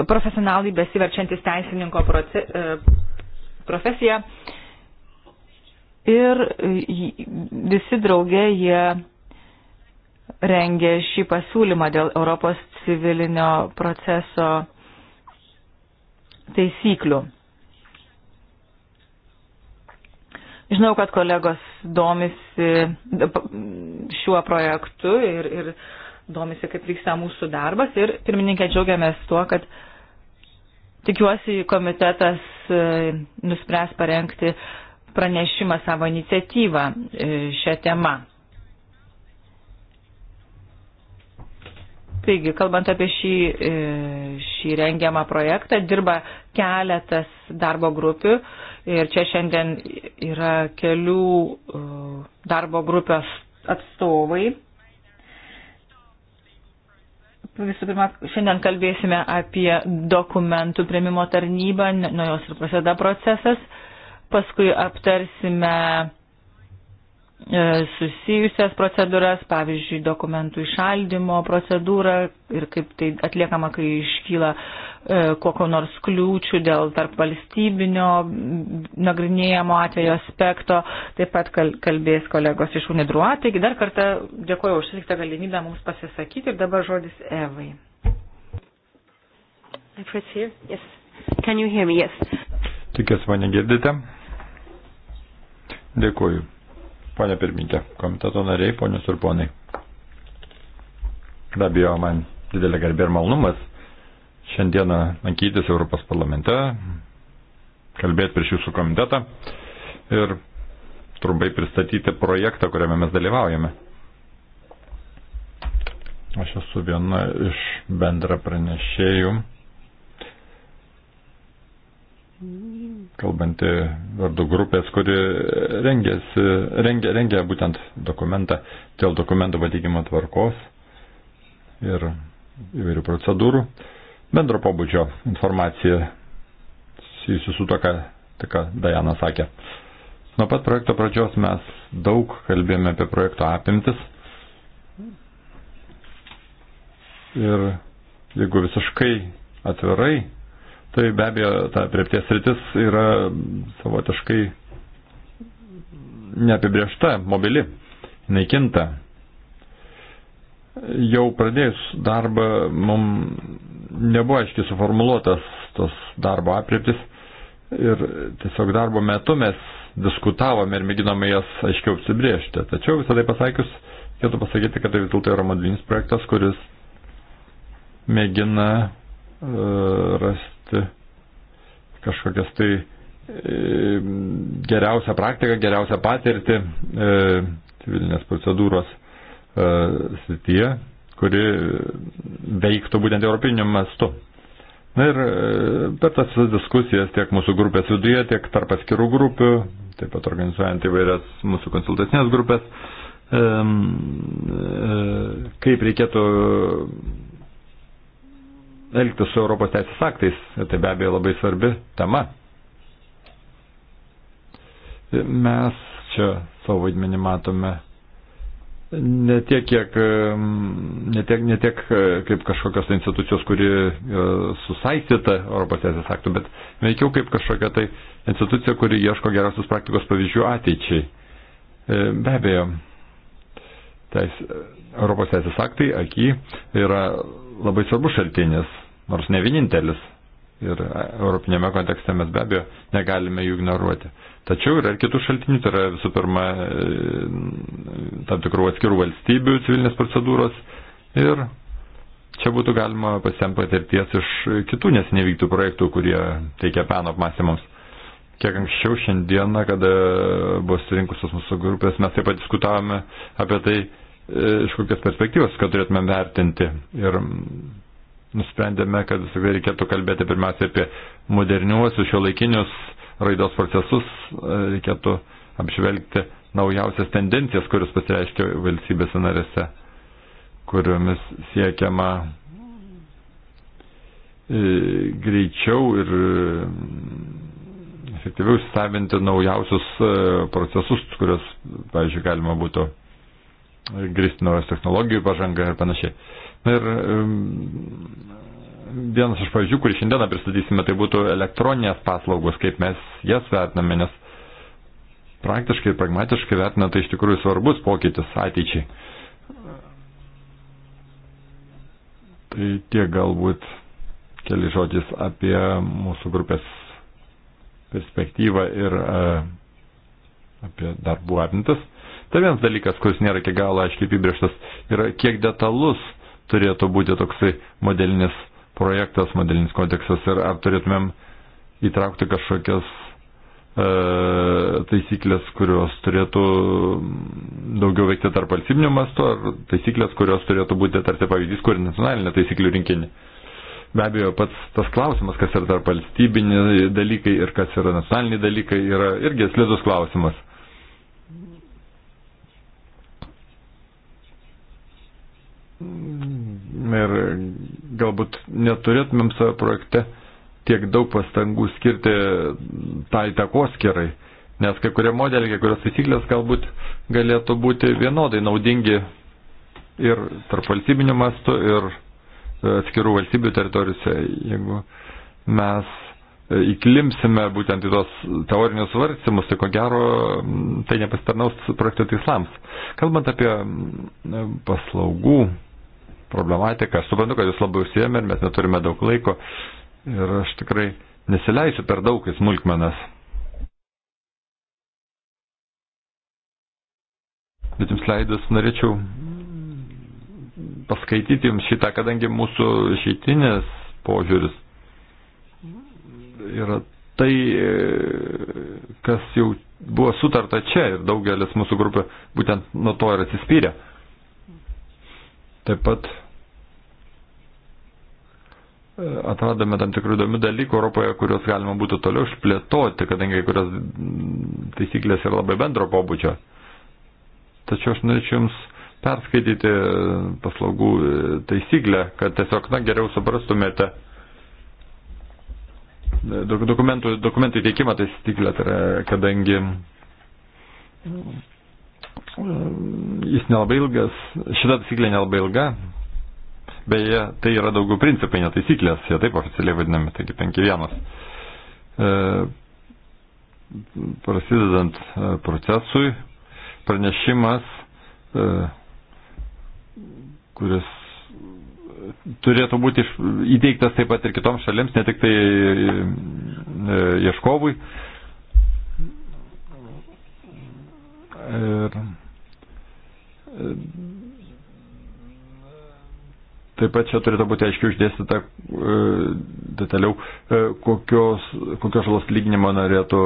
profesionalai besiverčiantis teisininko proce, e, profesiją. Ir visi draugė jie rengė šį pasiūlymą dėl Europos civilinio proceso taisyklių. Žinau, kad kolegos domisi šiuo projektu ir, ir domisi, kaip vyksta mūsų darbas ir pirmininkė džiaugiamės tuo, kad tikiuosi komitetas e, nuspręs parengti pranešimą savo iniciatyvą e, šią temą. Taigi, kalbant apie šį, e, šį rengiamą projektą, dirba keletas darbo grupių ir čia šiandien yra kelių darbo grupės atstovai. Visų pirma, šiandien kalbėsime apie dokumentų prieimimo tarnybą, nuo jos ir prasideda procesas. Paskui aptarsime E, susijusias procedūras, pavyzdžiui, dokumentų išaldymo procedūrą ir kaip tai atliekama, kai iškyla e, kokio nors kliūčių dėl tarp valstybinio nagrinėjimo atvejo aspekto. Taip pat kalbės kolegos iš UNIDRUA. Taigi dar kartą dėkuoju už sutiktą galimybę mums pasisakyti ir dabar žodis Evai. Yes. Yes. Tikiuosi mane girdite. Dėkuoju. Pone pirmininkė, komiteto nariai, ponios ir ponai. Be abejo, man didelė garbė ir malnumas šiandieną lankytis Europos parlamente, kalbėti prieš jūsų komitetą ir trumpai pristatyti projektą, kuriame mes dalyvaujame. Aš esu viena iš bendra pranešėjų kalbanti vardu grupės, kuri rengėsi, rengė, rengė būtent dokumentą dėl dokumento pateikimo tvarkos ir įvairių procedūrų, bendro pobūdžio informacija susijusi su to, ką, tai ką Dajana sakė. Nuo pat projekto pradžios mes daug kalbėjome apie projekto apimtis. Ir jeigu visiškai atvirai Tai be abejo, ta priepties rytis yra savotiškai neapibriešta, mobili, naikinta. Jau pradėjus darbą, mums nebuvo aiškiai suformuluotas tos darbo apriptis ir tiesiog darbo metu mes diskutavome ir mėginome jas aiškiau apsibriežti. Tačiau visą tai pasakius, reikėtų pasakyti, kad tai vis dėlto yra modelinis projektas, kuris mėgina uh, e, rasti kad e, kažkokias tai e, geriausią praktiką, geriausią patirtį e, civilinės procedūros srityje, kuri veiktų būtent europiniu mastu. Na ir per tas diskusijas tiek mūsų grupės viduje, tiek tarp atskirų grupių, taip pat organizuojant įvairias mūsų konsultacinės grupės, kaip reikėtų elgtis su Europos teisės aktais. Tai be abejo labai svarbi tema. Mes čia savo vaidmenį matome ne tiek, kiek, mm, ne tiek, ne tiek e, kaip kažkokios tai institucijos, kuri susaistyta Europos teisės aktų, bet veikiau kaip kažkokia tai institucija, kuri ieško geriausios praktikos pavyzdžių ateičiai. E, be abejo, teis, Europos teisės aktai, aki, yra labai svarbus šaltinis, nors ne vienintelis. Ir europinėme kontekste mes be abejo negalime jų ignoruoti. Tačiau yra ir kitų šaltinių, tai yra visų pirma e, tam tikrų atskirų valstybių civilinės procedūros ir čia būtų galima pasiemti patirties iš kitų nesinevyktų projektų, kurie teikia peno apmąstymams. Kiek anksčiau šiandieną, kada buvo surinkusios mūsų grupės, mes taip pat diskutavome apie tai, E, iš kokios perspektyvos, kad turėtume vertinti. Ir nusprendėme, kad reikėtų kalbėti pirmiausia apie moderniuosius, šiuolaikinius raidos procesus, e, reikėtų apžvelgti naujausias tendencijas, kuris pasireiškia valstybėse narėse, kuriomis siekiama e, greičiau ir efektyviau įsisavinti naujausius procesus, kuriuos, pavyzdžiui, galima būtų grįsti naujas technologijų pažanga ir panašiai. Ir vienas iš pavyzdžių, kurį šiandieną pristatysime, tai būtų elektroninės paslaugos, kaip mes jas vertiname, nes praktiškai ir pragmatiškai vertinant tai iš tikrųjų svarbus pokytis ateičiai. Tai tiek galbūt keli žodžiais apie mūsų grupės perspektyvą ir e, apie darbų apimtis. Tai vienas dalykas, kuris nėra iki galo aiškiai apibrieštas, yra kiek detalus turėtų būti toksai modelinis projektas, modelinis kontekstas ir ar turėtumėm įtraukti kažkokias e, taisyklės, kurios turėtų daugiau veikti tarp valstybinio masto, ar taisyklės, kurios turėtų būti tarsi pavyzdys, kur nacionalinė taisyklių rinkinė. Be abejo, pats tas klausimas, kas yra tarp valstybiniai dalykai ir kas yra nacionaliniai dalykai, yra irgi slidus klausimas. Mm, ir galbūt neturėtumėm savo projekte tiek daug pastangų skirti tai takoskirai, nes kai kurie modeliai, kai kurios taisyklės galbūt galėtų būti vienodai naudingi ir tarp valstybinių mastų, ir e, atskirų valstybių teritorijose, jeigu mes e, įklimsime būtent į tos teorinius svarstymus, tai ko gero tai nepasitarnaus projekto tikslams. Kalbant apie paslaugų problematiką. Aš suprantu, kad jūs labai užsiemė ir mes neturime daug laiko. Ir aš tikrai nesileisiu per daug į smulkmenas. Bet jums leidus norėčiau paskaityti jums šitą, kadangi mūsų šeitinės požiūris yra tai, kas jau buvo sutarta čia ir daugelis mūsų grupė būtent nuo to ir atsispyrė. Taip pat e, atradome tam tikrų įdomių dalykų Europoje, kuriuos galima būtų toliau išplėtoti, kadangi kurios taisyklės yra labai bendro pobūdžio. Tačiau aš norėčiau Jums perskaityti paslaugų taisyklę, kad tiesiog, na, geriau suprastumėte dokumentų, dokumentų įteikimą taisyklę, tai yra, kadangi Ehm, jis nelabai ilgas, šita taisyklė nelabai ilga. Beje, tai yra daugiau principai, ne taisyklės, jie taip oficialiai vadinami, taigi 5.1. Ehm, e, prasidedant procesui, pranešimas, e, kuris turėtų būti įteiktas taip pat ir kitoms šalims, ne tik tai e, e, ieškovui. E, ir Taip pat čia turėtų būti aiškiai uždėstyta e, detaliau, e, kokios, kokios žalos lyginimo norėtų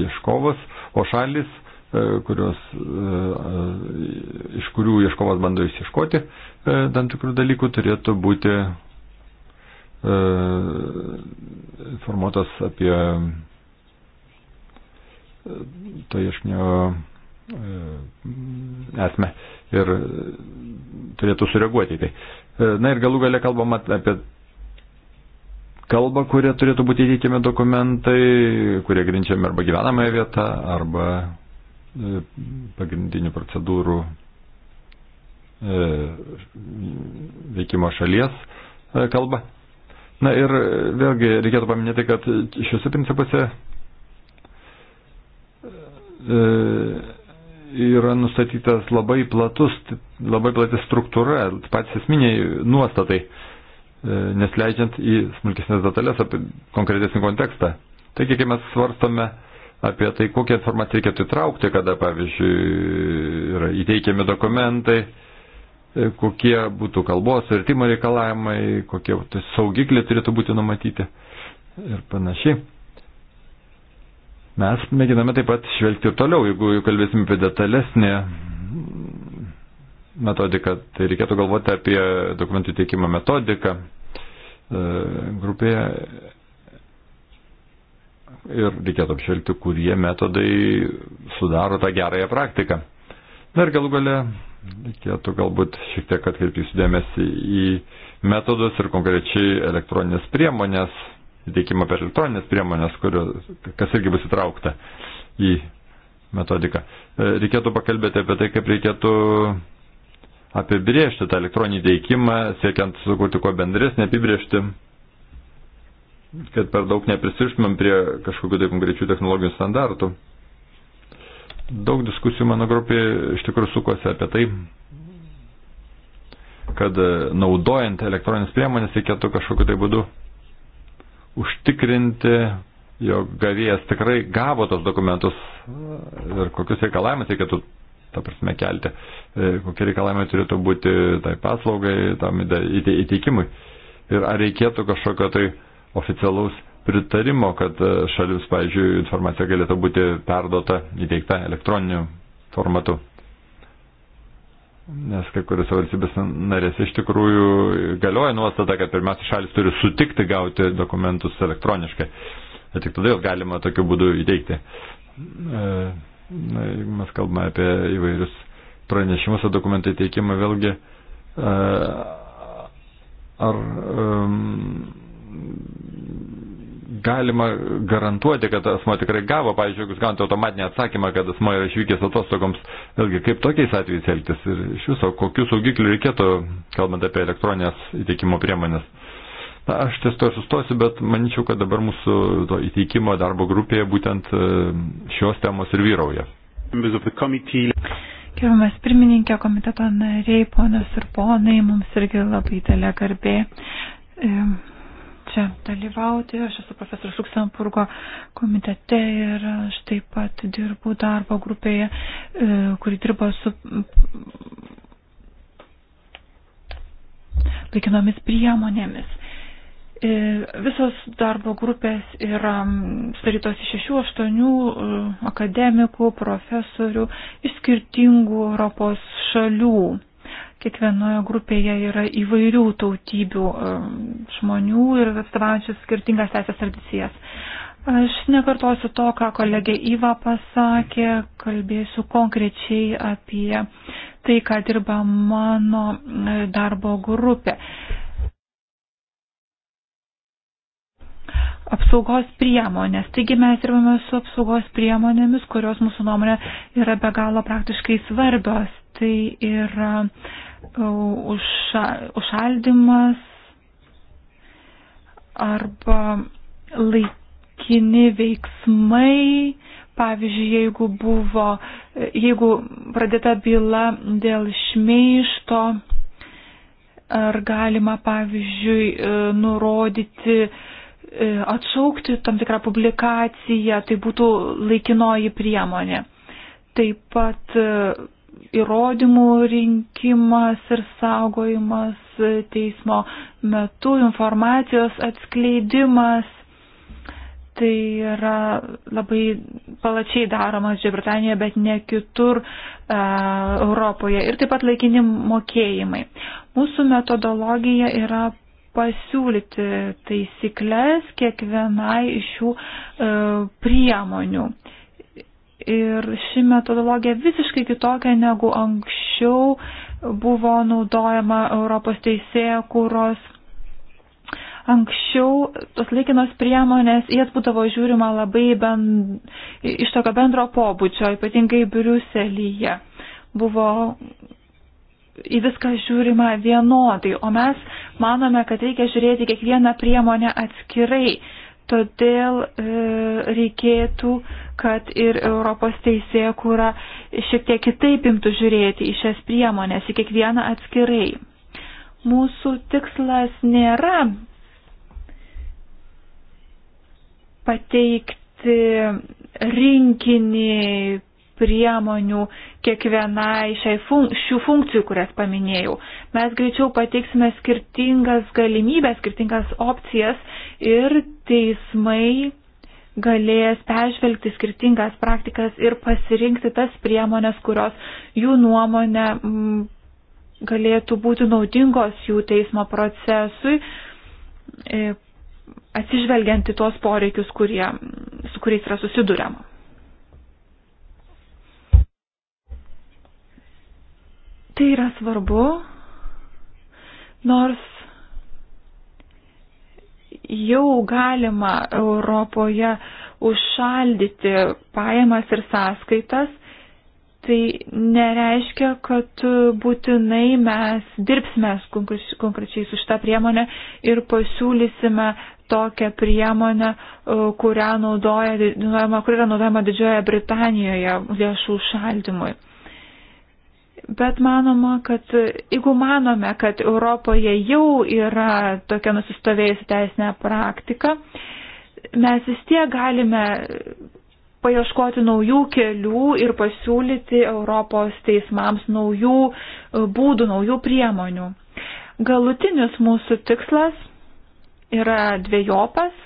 ieškovas, o šalis, e, kurios, e, e iš kurių ieškovas bando išieškoti e, tam tikrų dalykų, turėtų būti e, informuotas apie e, to ieškinio E, esmę ir turėtų sureaguoti į tai. E, na ir galų gale kalbam apie kalbą, kurie turėtų būti įteikiami dokumentai, kurie grinčiami arba gyvenamąją vietą, arba e, pagrindinių procedūrų veikimo šalies kalba. Na ir vėlgi reikėtų paminėti, kad šiuose principuose yra nustatytas labai platus, labai plati struktūra, patys esminiai nuostatai, e, nes leidžiant į smulkesnės detalės apie konkretesnį kontekstą. Taigi, kai mes svarstome apie tai, kokią informaciją reikėtų įtraukti, kada, pavyzdžiui, yra įteikiami dokumentai, e, kokie būtų kalbos vertimo reikalavimai, kokie tai saugikliai turėtų būti numatyti ir panašiai. Mes mėginame taip pat žvelgti ir toliau, jeigu jau kalbėsim apie detalesnį metodiką, tai reikėtų galvoti apie dokumentų teikimo metodiką e, grupėje ir reikėtų apšvelgti, kurie metodai sudaro tą gerąją praktiką. Na ir galų gale reikėtų galbūt šiek tiek atkreipti sudėmesį į metodus ir konkrečiai elektroninės priemonės įteikimą per elektroninės priemonės, kurios, kas irgi bus įtraukta į metodiką. E, reikėtų pakalbėti apie tai, kaip reikėtų apibriežti tą elektroninį teikimą, siekiant sukurti kuo bendresnį apibriežti, kad per daug neprisištumėm prie kažkokių tai konkrečių technologijų standartų. Daug diskusijų mano grupėje iš tikrųjų sukosi apie tai, kad e, naudojant elektroninės priemonės reikėtų kažkokiu tai būdu užtikrinti, jog gavėjas tikrai gavo tos dokumentus ir kokius reikalavimus reikėtų, ta prasme, kelti, e, kokie reikalavimai turėtų būti tai paslaugai, tam įteikimui. Ir ar reikėtų kažkokio tai oficialaus pritarimo, kad e, šalims, pavyzdžiui, informacija galėtų būti perduota, įteikta elektroniniu formatu. Nes kai kuriuose valstybės narėse iš tikrųjų galioja nuostata, kad pirmiausia šalis turi sutikti gauti dokumentus elektroniškai. Ir tik tada jau galima tokiu būdu įteikti. E, na, jeigu mes kalbame apie įvairius pranešimus e, ar dokumentai teikimą, vėlgi ar um, galima garantuoti, kad asmo tikrai gavo, pavyzdžiui, jeigu jūs gaunate automatinį atsakymą, kad asmo yra išvykęs atostogoms, vėlgi kaip tokiais atvejais elgtis ir iš viso kokių saugiklių reikėtų, kalbant apie elektroninės įteikimo priemonės. Na, aš ties to sustosiu, bet manyčiau, kad dabar mūsų įteikimo darbo grupėje būtent e, šios temos ir vyrauja. Gerbiamas pirmininkė, komiteto nariai, ponas ir ponai, mums irgi labai didelė garbė e, čia dalyvauti. Aš esu profesorius Luksemburgo komitete ir aš taip pat dirbu darbo grupėje, e, kuri dirba su mm, laikinomis priemonėmis. E, visos darbo grupės yra mm, sudarytos iš šešių, aštuonių e, akademikų, profesorių iš skirtingų Europos šalių kiekvienoje grupėje yra įvairių tautybių um, žmonių ir atstovaujančių skirtingas teisės tradicijas. Aš nekartosiu to, ką kolegė Iva pasakė, kalbėsiu konkrečiai apie tai, ką dirba mano e, darbo grupė. apsaugos priemonės. Taigi mes dirbame su apsaugos priemonėmis, kurios mūsų nuomonė yra be galo praktiškai svarbios tai yra e, uša, užšaldimas arba laikini veiksmai. Pavyzdžiui, jeigu buvo, jeigu pradėta byla dėl šmeišto, ar galima, pavyzdžiui, e, nurodyti, e, atšaukti tam tikrą publikaciją, tai būtų laikinoji priemonė. Taip pat įrodymų rinkimas ir saugojimas teismo metu, informacijos atskleidimas. Tai yra labai palačiai daromas Džibritanija, bet ne kitur e, Europoje. Ir taip pat laikini mokėjimai. Mūsų metodologija yra pasiūlyti taisyklės kiekvienai iš šių e, priemonių. E, Ir ši metodologija visiškai kitokia negu anksčiau buvo naudojama Europos teisėje kūros. Anksčiau tos laikinos priemonės, jas būdavo žiūrima labai ben, iš tokio bendro pobūdžio, ypatingai Briuselyje. Buvo į viską žiūrima vienodai, o mes manome, kad reikia žiūrėti kiekvieną priemonę atskirai. Todėl e, reikėtų e, kad ir Europos teisėje kūra šiek tiek kitaip imtų žiūrėti į šias priemonės, į kiekvieną atskirai. Mūsų tikslas nėra pateikti rinkinį priemonių kiekvienai fun šių funkcijų, kurias paminėjau. Mes greičiau pateiksime skirtingas galimybės, skirtingas opcijas ir teismai galės peržvelgti skirtingas praktikas ir pasirinkti tas priemonės, kurios jų nuomonė mm, galėtų būti naudingos jų teismo procesui, e, atsižvelgianti tuos poreikius, kurie, su kuriais yra susidūriama. Tai yra svarbu, nors jau galima Europoje užšaldyti pajamas ir sąskaitas, tai nereiškia, kad būtinai mes dirbsime konkrečiai su šitą priemonę ir pasiūlysime tokią priemonę, e, kurią naudoja, kuri yra naudojama Didžiojoje Britanijoje lėšų šaldymui. Bet manoma, kad jeigu manome, kad Europoje jau yra tokia nusistovėjusi teisinė praktika, mes vis tiek galime paieškoti naujų kelių ir pasiūlyti Europos teismams naujų e, būdų, naujų priemonių. Galutinis mūsų tikslas yra dviejopas.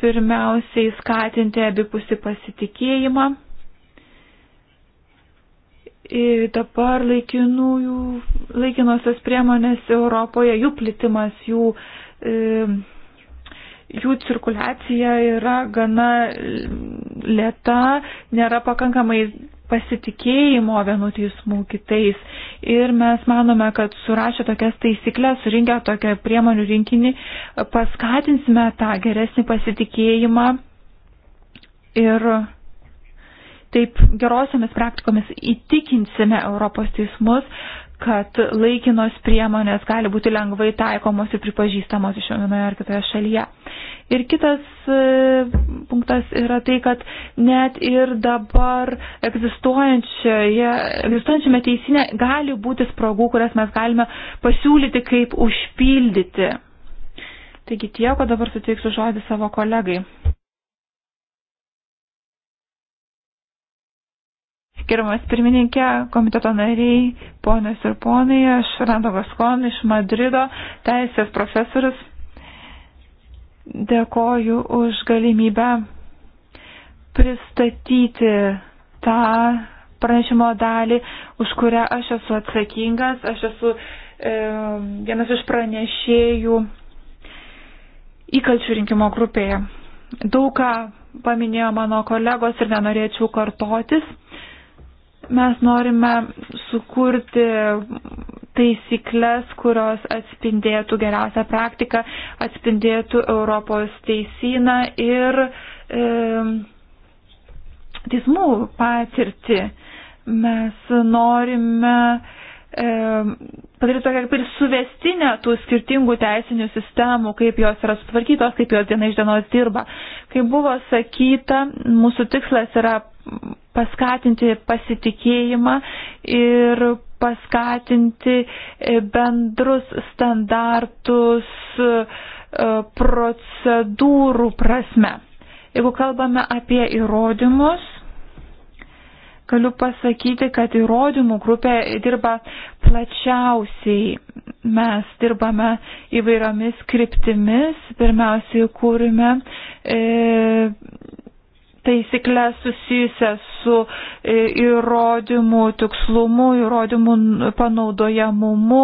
Pirmiausiai skatinti abipusį pasitikėjimą dabar laikinųjų, laikinosios priemonės Europoje, jų plitimas, jų, e, jų cirkuliacija yra gana lėta, nėra pakankamai pasitikėjimo vienų teismų kitais. Ir mes manome, kad surašę tokias taisyklės, surinkę tokią priemonių rinkinį, paskatinsime tą geresnį pasitikėjimą ir taip gerosiamis praktikomis įtikinsime Europos teismus, kad laikinos priemonės gali būti lengvai taikomos ir pripažįstamos iš vienoje ar kitoje šalyje. Ir kitas e, punktas yra tai, kad net ir dabar egzistuojančiame teisinė gali būti spragų, kurias mes galime pasiūlyti kaip užpildyti. Taigi tiek, o dabar suteiksiu žodį savo kolegai. Gerbiamas pirmininkė, komiteto nariai, ponios ir ponai, aš Rando Gaskon iš Madrido, teisės profesorius. Dėkoju už galimybę pristatyti tą pranešimo dalį, už kurią aš esu atsakingas. Aš esu e, vienas iš pranešėjų įkalčių rinkimo grupėje. Daug ką paminėjo mano kolegos ir nenorėčiau kartotis. Mes norime sukurti taisyklės, kurios atspindėtų geriausią praktiką, atspindėtų Europos teisyną ir e, teismų patirtį. Mes norime E, padaryti tokią kaip ir suvestinę tų skirtingų teisinių sistemų, kaip jos yra sutvarkytos, kaip jos diena iš dienos dirba. Kaip buvo sakyta, mūsų tikslas yra paskatinti pasitikėjimą ir paskatinti e, bendrus standartus e, procedūrų prasme. Jeigu kalbame apie įrodymus, galiu pasakyti, kad įrodymų grupė dirba plačiausiai. Mes dirbame įvairiomis kryptimis. Pirmiausiai kūrime e, taisyklės susijusias su e, įrodymų tikslumu, įrodymų panaudojamumu,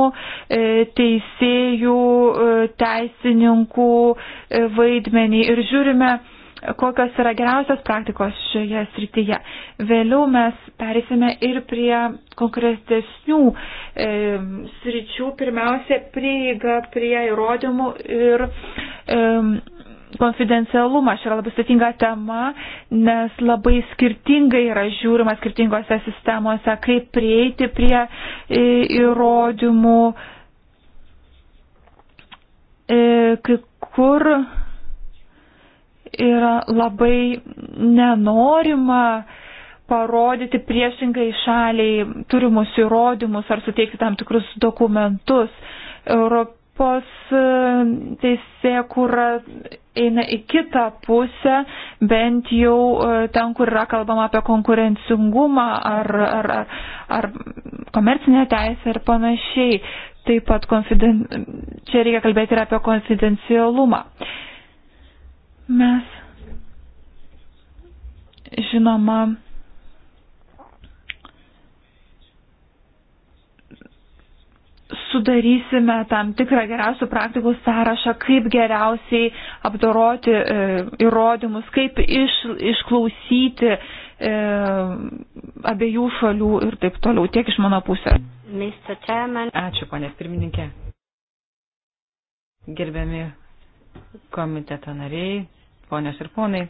e, teisėjų, e, teisininkų vaidmenį. Ir žiūrime, kokios yra geriausios praktikos šioje srityje. Vėliau mes perėsime ir prie konkretesnių e, sričių, pirmiausia, prieiga prie įrodymų ir e, konfidencialumas yra labai sudėtinga tema, nes labai skirtingai yra žiūrima skirtingose sistemose, kaip prieiti prie e, įrodymų, e, kai kur yra labai nenorima parodyti priešingai šaliai turimus įrodymus ar suteikti tam tikrus dokumentus. Europos e, teisė, kur eina į kitą pusę, bent jau e, ten, kur yra kalbama apie konkurencingumą ar, ar, ar, ar komercinę teisę ir panašiai. Taip pat konfiden... čia reikia kalbėti ir apie konfidencialumą. Uh, Mes žinoma sudarysime tam tikrą geriausių praktikų sąrašą, kaip geriausiai apdoroti e, įrodymus, kaip iš, išklausyti e, abiejų šalių ir taip toliau, tiek iš mano pusės. Ačiū, ponė pirmininkė. Gerbiami komiteto nariai, ponios ir ponai.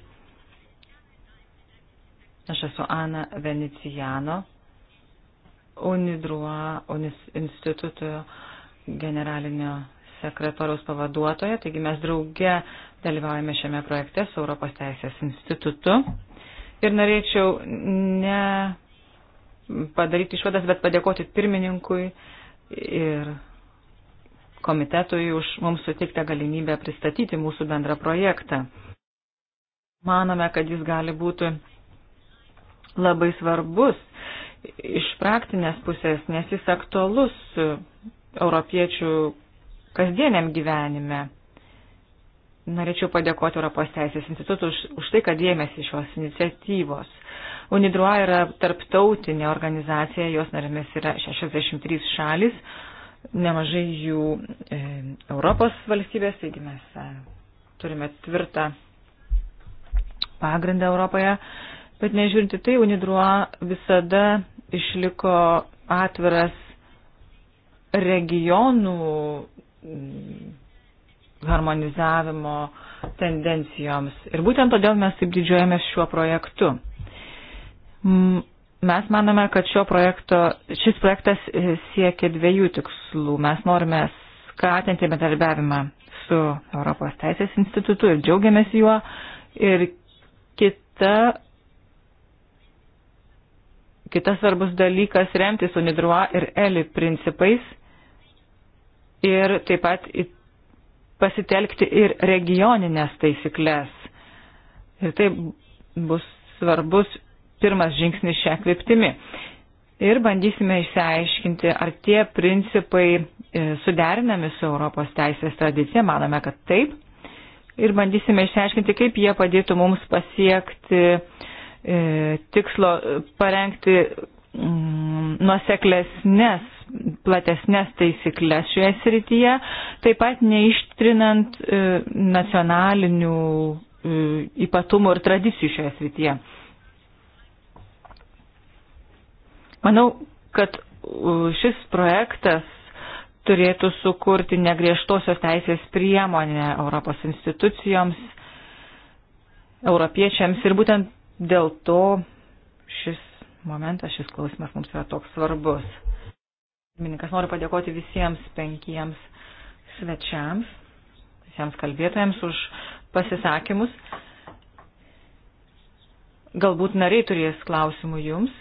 Aš esu Ana Venicijano, Unidrua Unis, instituto generalinio sekretoriaus pavaduotoja, taigi mes drauge dalyvaujame šiame projekte su Europos Teisės institutu. Ir norėčiau ne padaryti išvadas, bet padėkoti pirmininkui ir komitetui už mums suteiktą galimybę pristatyti mūsų bendrą projektą. Manome, kad jis gali būti labai svarbus iš praktinės pusės, nes jis aktualus europiečių kasdieniam gyvenime. Norėčiau padėkoti Europos Teisės institutui už, už tai, kad dėmesį šios iniciatyvos. UNIDROA yra tarptautinė organizacija, jos narėmis yra 63 šalis, nemažai jų e, Europos valstybės, taigi mes e, turime tvirtą pagrindą Europoje. Bet nežiūrint į tai, Unidruo visada išliko atviras regionų mm, harmonizavimo tendencijoms. Ir būtent todėl mes taip didžiuojame šiuo projektu. Mes manome, kad šio projekto, šis projektas e, siekia dviejų tikslų. Mes norime skatinti bendradarbiavimą su Europos Teisės institutu ir džiaugiamės juo. Ir kita, kitas svarbus dalykas remtis UNIDRUA ir ELI principais ir taip pat pasitelkti ir regioninės taisyklės. Ir tai bus svarbus pirmas žingsnis šią kryptimį. Ir bandysime išsiaiškinti, ar tie principai e, suderinami su Europos teisės tradicija. Manome, kad taip ir bandysime išsiaiškinti, kaip jie padėtų mums pasiekti e, tikslo parengti mm, nuoseklesnės, platesnės taisyklės šioje srityje, taip pat neištrinant e, nacionalinių e, ypatumų ir tradicijų šioje srityje. Manau, kad e, šis projektas turėtų sukurti negriežtosios teisės priemonę Europos institucijoms, europiečiams ir būtent dėl to šis momentas, šis klausimas mums yra toks svarbus. Mininkas noriu padėkoti visiems penkiems svečiams, visiems kalbėtojams už pasisakymus. Galbūt nariai turės klausimų jums.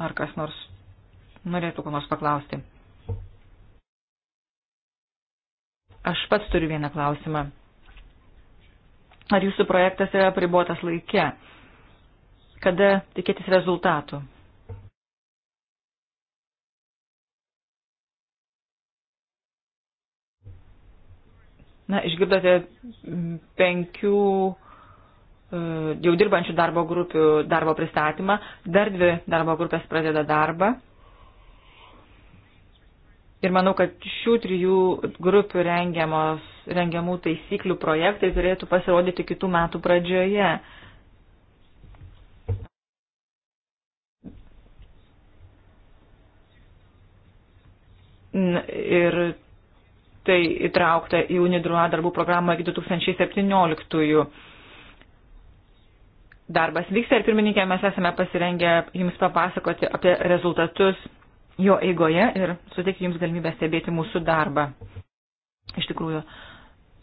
Ar kas nors norėtų ko nors paklausti. Aš pats turiu vieną klausimą. Ar jūsų projektas yra pribuotas laike? Kada tikėtis rezultatų? Na, išgirdote penkių e, jau dirbančių darbo grupių darbo pristatymą. Dar dvi darbo grupės pradeda darbą. Ir manau, kad šių trijų grupių rengiamos, rengiamų taisyklių projektai turėtų pasirodyti kitų metų pradžioje. Ir tai įtraukta į UNIDRUA darbų programą iki 2017. -ųjų. Darbas vyksta ir pirmininkė, mes esame pasirengę jums papasakoti apie rezultatus jo eigoje ir suteikti jums galimybę stebėti mūsų darbą. Iš tikrųjų,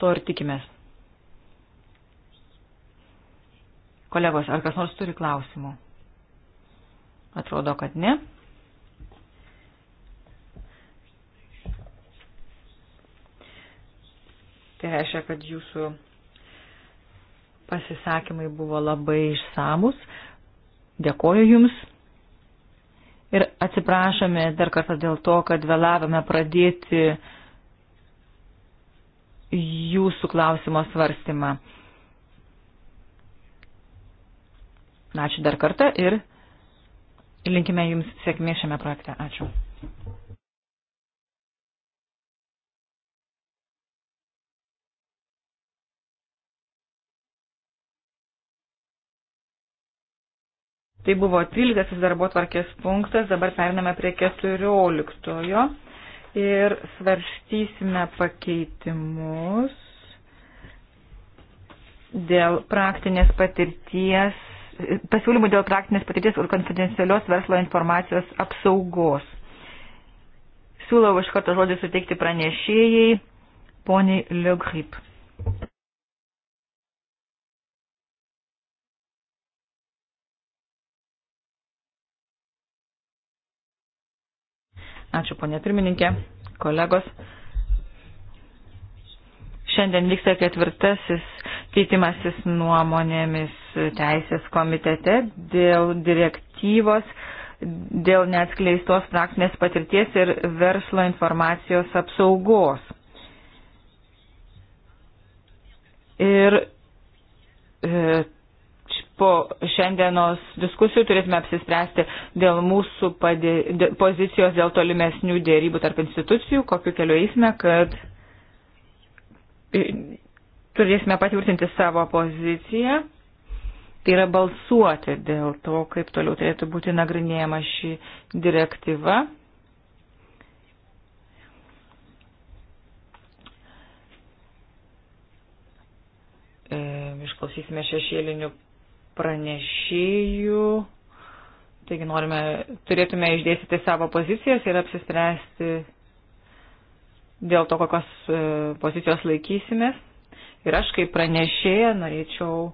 to ir tikimės. Kolegos, ar kas nors turi klausimų? Atrodo, kad ne. Tai reiškia, kad jūsų pasisakymai buvo labai išsamus. Dėkoju Jums ir atsiprašome dar kartą dėl to, kad vėlavome pradėti jūsų klausimo svarstymą. Ačiū dar kartą ir linkime Jums sėkmės šiame projekte. Ačiū. Tai buvo 13 darbo tvarkės punktas, dabar periname prie 14 ir svarstysime pakeitimus dėl praktinės patirties, pasiūlymų dėl praktinės patirties ir konfidencialios verslo informacijos apsaugos. Siūlau iš karto žodį suteikti pranešėjai poniai Liugrip. Ačiū, ponė pirmininkė, kolegos. Šiandien vyksta ketvirtasis keitimasis nuomonėmis teisės komitete dėl direktyvos, dėl neatskleistos praktinės patirties ir verslo informacijos apsaugos. Ir e, po šiandienos diskusijų turėtume apsispręsti dėl mūsų padė, dėl pozicijos, dėl tolimesnių dėrybų tarp institucijų, kokiu keliu eisime, kad turėsime patvirtinti savo poziciją. Tai yra balsuoti dėl to, kaip toliau turėtų būti nagrinėjama ši direktyva. E, išklausysime šešėlinių pranešėjų. Taigi norime, turėtume išdėstyti savo pozicijas ir apsispręsti dėl to, kokios e, pozicijos laikysimės. Ir aš kaip pranešėja norėčiau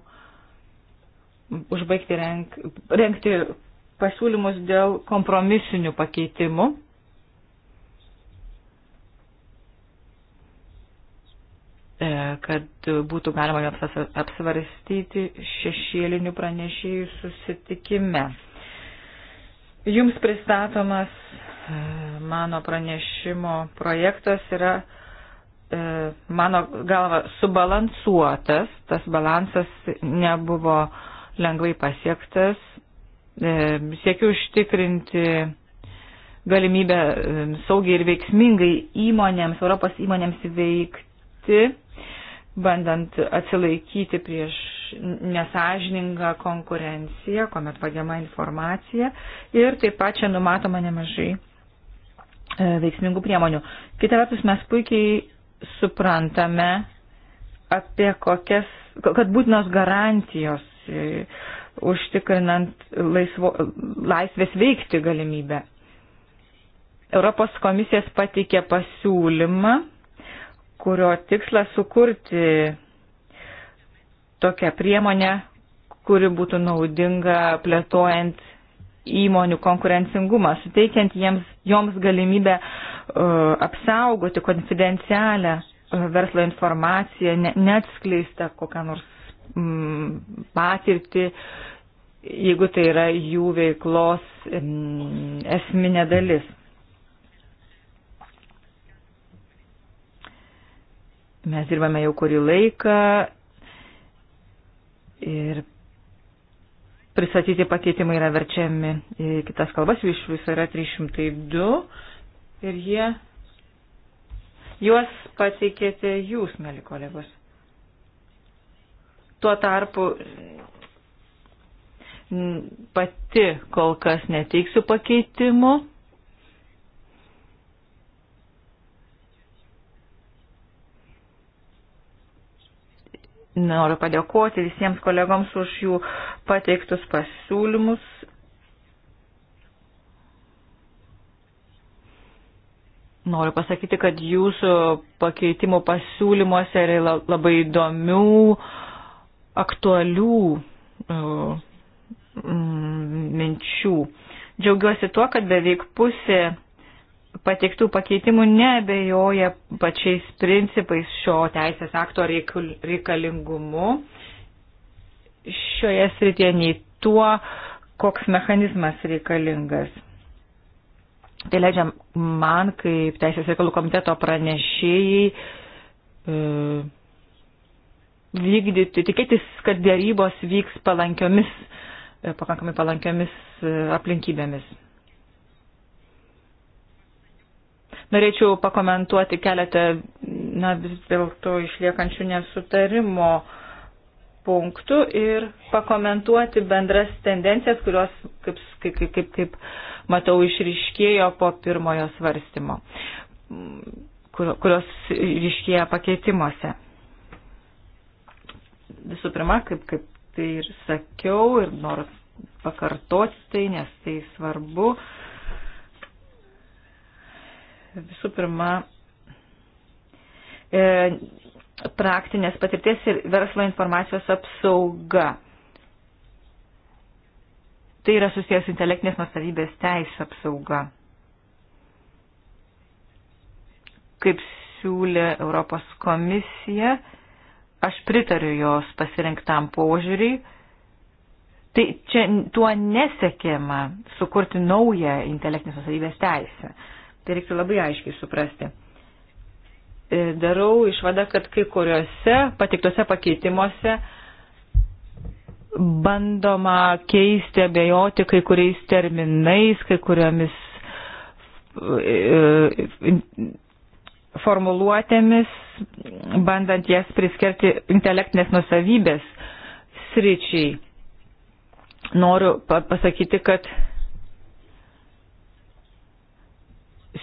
užbaigti renk, renkti pasiūlymus dėl kompromisinių pakeitimų. E, kad būtų galima juos apsvarstyti šešėlinių pranešėjų susitikime. Jums pristatomas e, mano pranešimo projektas yra e, mano galva subalansuotas, tas balansas nebuvo lengvai pasiektas. Siekiu užtikrinti galimybę saugiai ir veiksmingai įmonėms, Europos įmonėms veikti bandant atsilaikyti prieš nesažiningą konkurenciją, kuomet vagiama informacija ir taip pat čia numatoma nemažai e, veiksmingų priemonių. Kita vertus, mes puikiai suprantame, apie kokias, kad būtinos garantijos e, užtikrinant laisvo, laisvės veikti galimybę. Europos komisijas pateikė pasiūlymą kurio tikslas sukurti tokią priemonę, kuri būtų naudinga plėtojant įmonių konkurencingumą, suteikiant jiems, joms galimybę uh, apsaugoti konfidencialę uh, e, verslo informaciją, ne, neatskleistą kokią nors mm, patirtį, jeigu tai yra jų veiklos mm, esminė dalis. Mes dirbame jau kurį laiką ir pristatyti pakeitimai yra verčiami į kitas kalbas, jų iš viso yra 302 ir jie, juos pateikėte jūs, mėly kolegos. Tuo tarpu pati kol kas neteiksiu pakeitimu Noriu padėkoti visiems kolegoms už jų pateiktus pasiūlymus. Noriu pasakyti, kad jūsų pakeitimų pasiūlymuose yra labai įdomių, aktualių e, minčių. Džiaugiuosi tuo, kad beveik pusė pateiktų pakeitimų nebejoja pačiais principais šio teisės akto reikalingumu šioje srityje nei tuo, koks mechanizmas reikalingas. Tai leidžia man, kaip Teisės reikalų komiteto pranešėjai, e, vykdyti, tikėtis, kad dėrybos vyks palankiomis, e, pakankamai palankiomis e, aplinkybėmis. Norėčiau pakomentuoti keletą, na, vis dėlto išliekančių nesutarimo punktų ir pakomentuoti bendras tendencijas, kurios, kaip, kaip, kaip, kaip matau, išryškėjo po pirmojo svarstymo, kurios ryškėja pakeitimuose. Visų pirma, kaip, kaip tai ir sakiau ir noriu pakartoti tai, nes tai svarbu. Uh, Visų pirma, e, praktinės patirties ir verslo informacijos apsauga. Tai yra susijęs su intelektinės nusavybės teisų apsauga. Kaip siūlė Europos komisija, aš pritariu jos pasirinktam požiūriui. Tai čia tuo nesiekėma sukurti naują intelektinės nusavybės teisę. Tai reiktų labai aiškiai suprasti. E, darau išvadą, kad kai kuriuose patiktose pakeitimuose bandoma keisti, abejoti kai kuriais terminais, kai kuriomis e, e, formuluotėmis, bandant jas priskirti intelektinės nusavybės sričiai. Noriu pasakyti, kad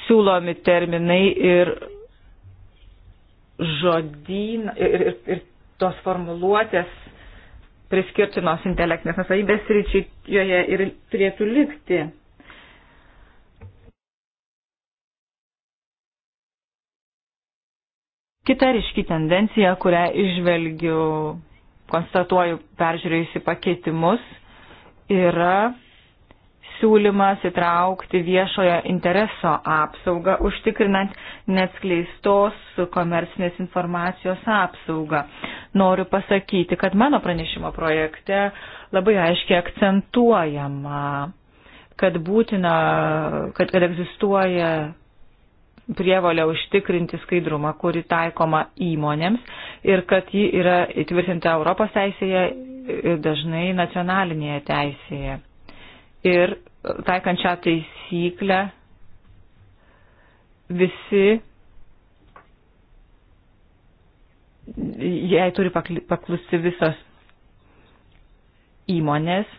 siūlomi terminai ir žodyn ir, ir, ir tos formuluotės priskirtinos intelektinės nusavybės ryčiai joje ir turėtų likti. Kita ryški tendencija, kurią išvelgiu, konstatuoju peržiūrėjusi pakeitimus, yra siūlymas įtraukti viešojo intereso apsaugą, užtikrinant neatskleistos komercinės informacijos apsaugą. Noriu pasakyti, kad mano pranešimo projekte labai aiškiai akcentuojama, kad būtina, kad, kad egzistuoja prievalę užtikrinti skaidrumą, kuri taikoma įmonėms ir kad ji yra įtvirtinta Europos teisėje ir dažnai nacionalinėje teisėje. Ir taikant šią taisyklę visi jai turi paklusti visos įmonės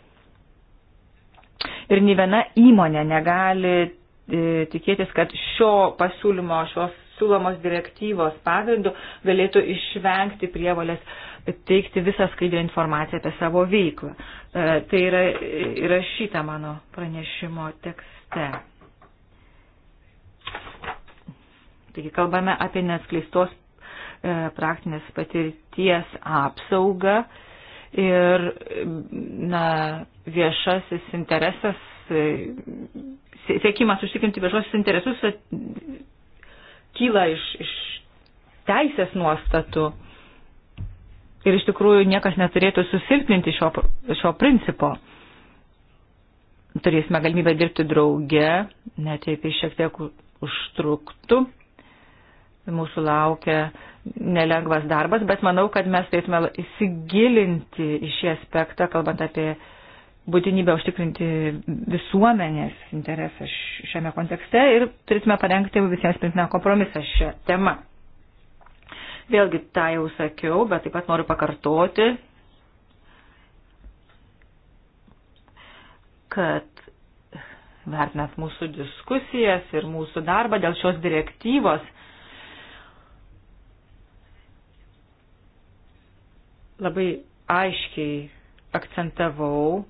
ir nei viena įmonė negali e, tikėtis, kad šio pasiūlymo, šios siūlomos direktyvos pagrindų galėtų išvengti prievalės teikti visą skaidrę informaciją apie savo veiklą. E, tai yra įrašyta mano pranešimo tekste. Taigi kalbame apie neskleistos e, praktinės patirties apsaugą ir na, viešasis interesas, e, siekimas užtikrinti viešosius interesus kyla iš, iš teisės nuostatų ir iš tikrųjų niekas neturėtų susilpninti šio, šio principo. Turėsime galimybę dirbti drauge, net jei tai šiek tiek užtruktų. Mūsų laukia nelengvas darbas, bet manau, kad mes turėtume įsigilinti į šį aspektą, kalbant apie būtinybę užtikrinti visuomenės interesą šiame kontekste ir turėtume parengti visiems primtiną kompromisą šią temą. Vėlgi tą jau sakiau, bet taip pat noriu pakartoti, kad vertinant mūsų diskusijas ir mūsų darbą dėl šios direktyvos, labai aiškiai akcentavau,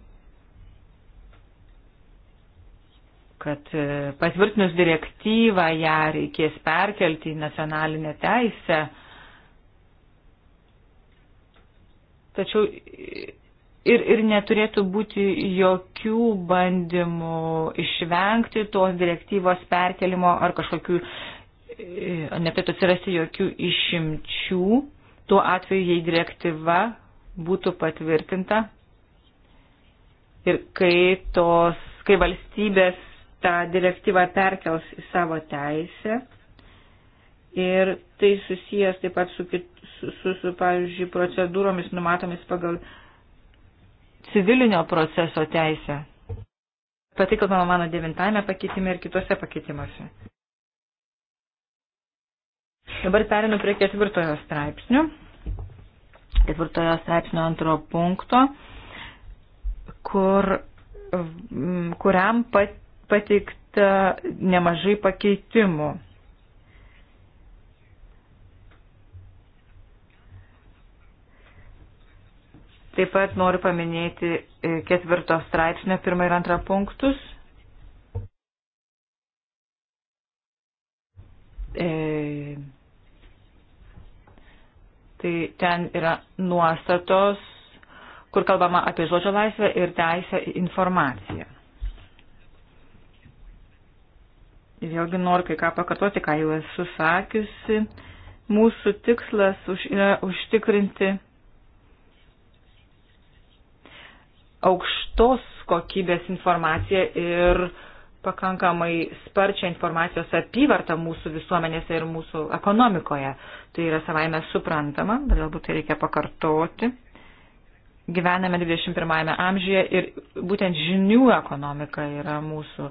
kad patvirtinus direktyvą ją reikės perkelti į nacionalinę teisę Tačiau ir, ir neturėtų būti jokių bandymų išvengti tos direktyvos perkelimo ar kažkokių, e, neturėtų atsirasti jokių išimčių tuo atveju, jei direktyva būtų patvirtinta ir kai, tos, kai valstybės tą direktyvą perkels į savo teisę Ir tai susijęs taip pat su, su, su, su pavyzdžiui, procedūromis numatomis pagal civilinio proceso teisę. Patikalbama mano devintame pakeitime ir kitose pakeitimuose. Dabar perinu prie ketvirtojo straipsnio. Ketvirtojo straipsnio antro punkto, kur, mm, kuriam pateikta nemažai pakeitimų. Taip pat noriu paminėti e, ketvirto straipsnio pirmą ir antrą punktus. E, tai ten yra nuostatos, kur kalbama apie žodžio laisvę ir teisę į informaciją. Ir vėlgi noriu kai ką pakartoti, ką jau esu sakiusi. Mūsų tikslas už, yra užtikrinti aukštos kokybės informaciją ir pakankamai sparčią informacijos apyvartą mūsų visuomenėse ir mūsų ekonomikoje. Tai yra savaime suprantama, bet galbūt tai reikia pakartoti. Gyvename 21 amžiuje ir būtent žinių ekonomika yra mūsų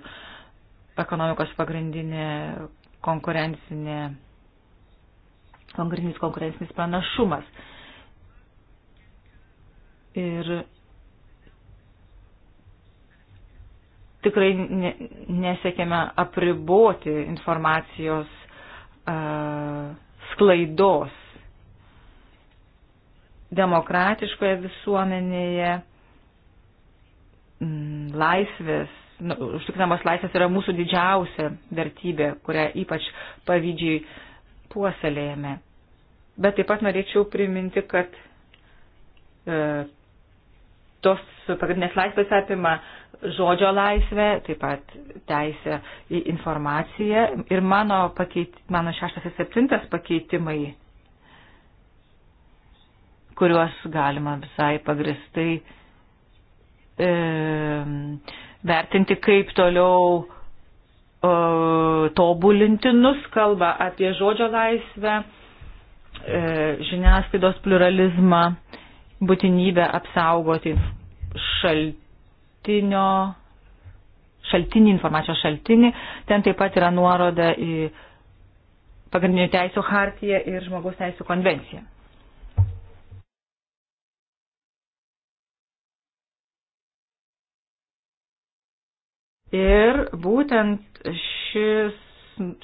ekonomikos pagrindinė konkurencinė, pagrindinis konkurencinis pranašumas. Ir tikrai ne, nesiekėme apriboti informacijos uh, sklaidos. Demokratiškoje visuomenėje mm, laisvės, nu, užtikrinamos laisvės yra mūsų didžiausia vertybė, kurią ypač pavydžiai puoselėjame. Bet taip pat norėčiau priminti, kad e, tos pagrindinės laisvės apima e, žodžio laisvę, taip pat teisę į informaciją. Ir mano, pakeit, mano šeštas ir septintas pakeitimai, kuriuos galima visai pagristai e, vertinti, kaip toliau e, tobulintinus kalba apie žodžio laisvę, e, žiniasklaidos pluralizmą, būtinybę apsaugoti šal, šaltinio, šaltinį, informacijos šaltinį. Ten taip pat yra nuoroda į pagrindinių teisų hartiją ir žmogaus teisų konvenciją. Ir būtent šis,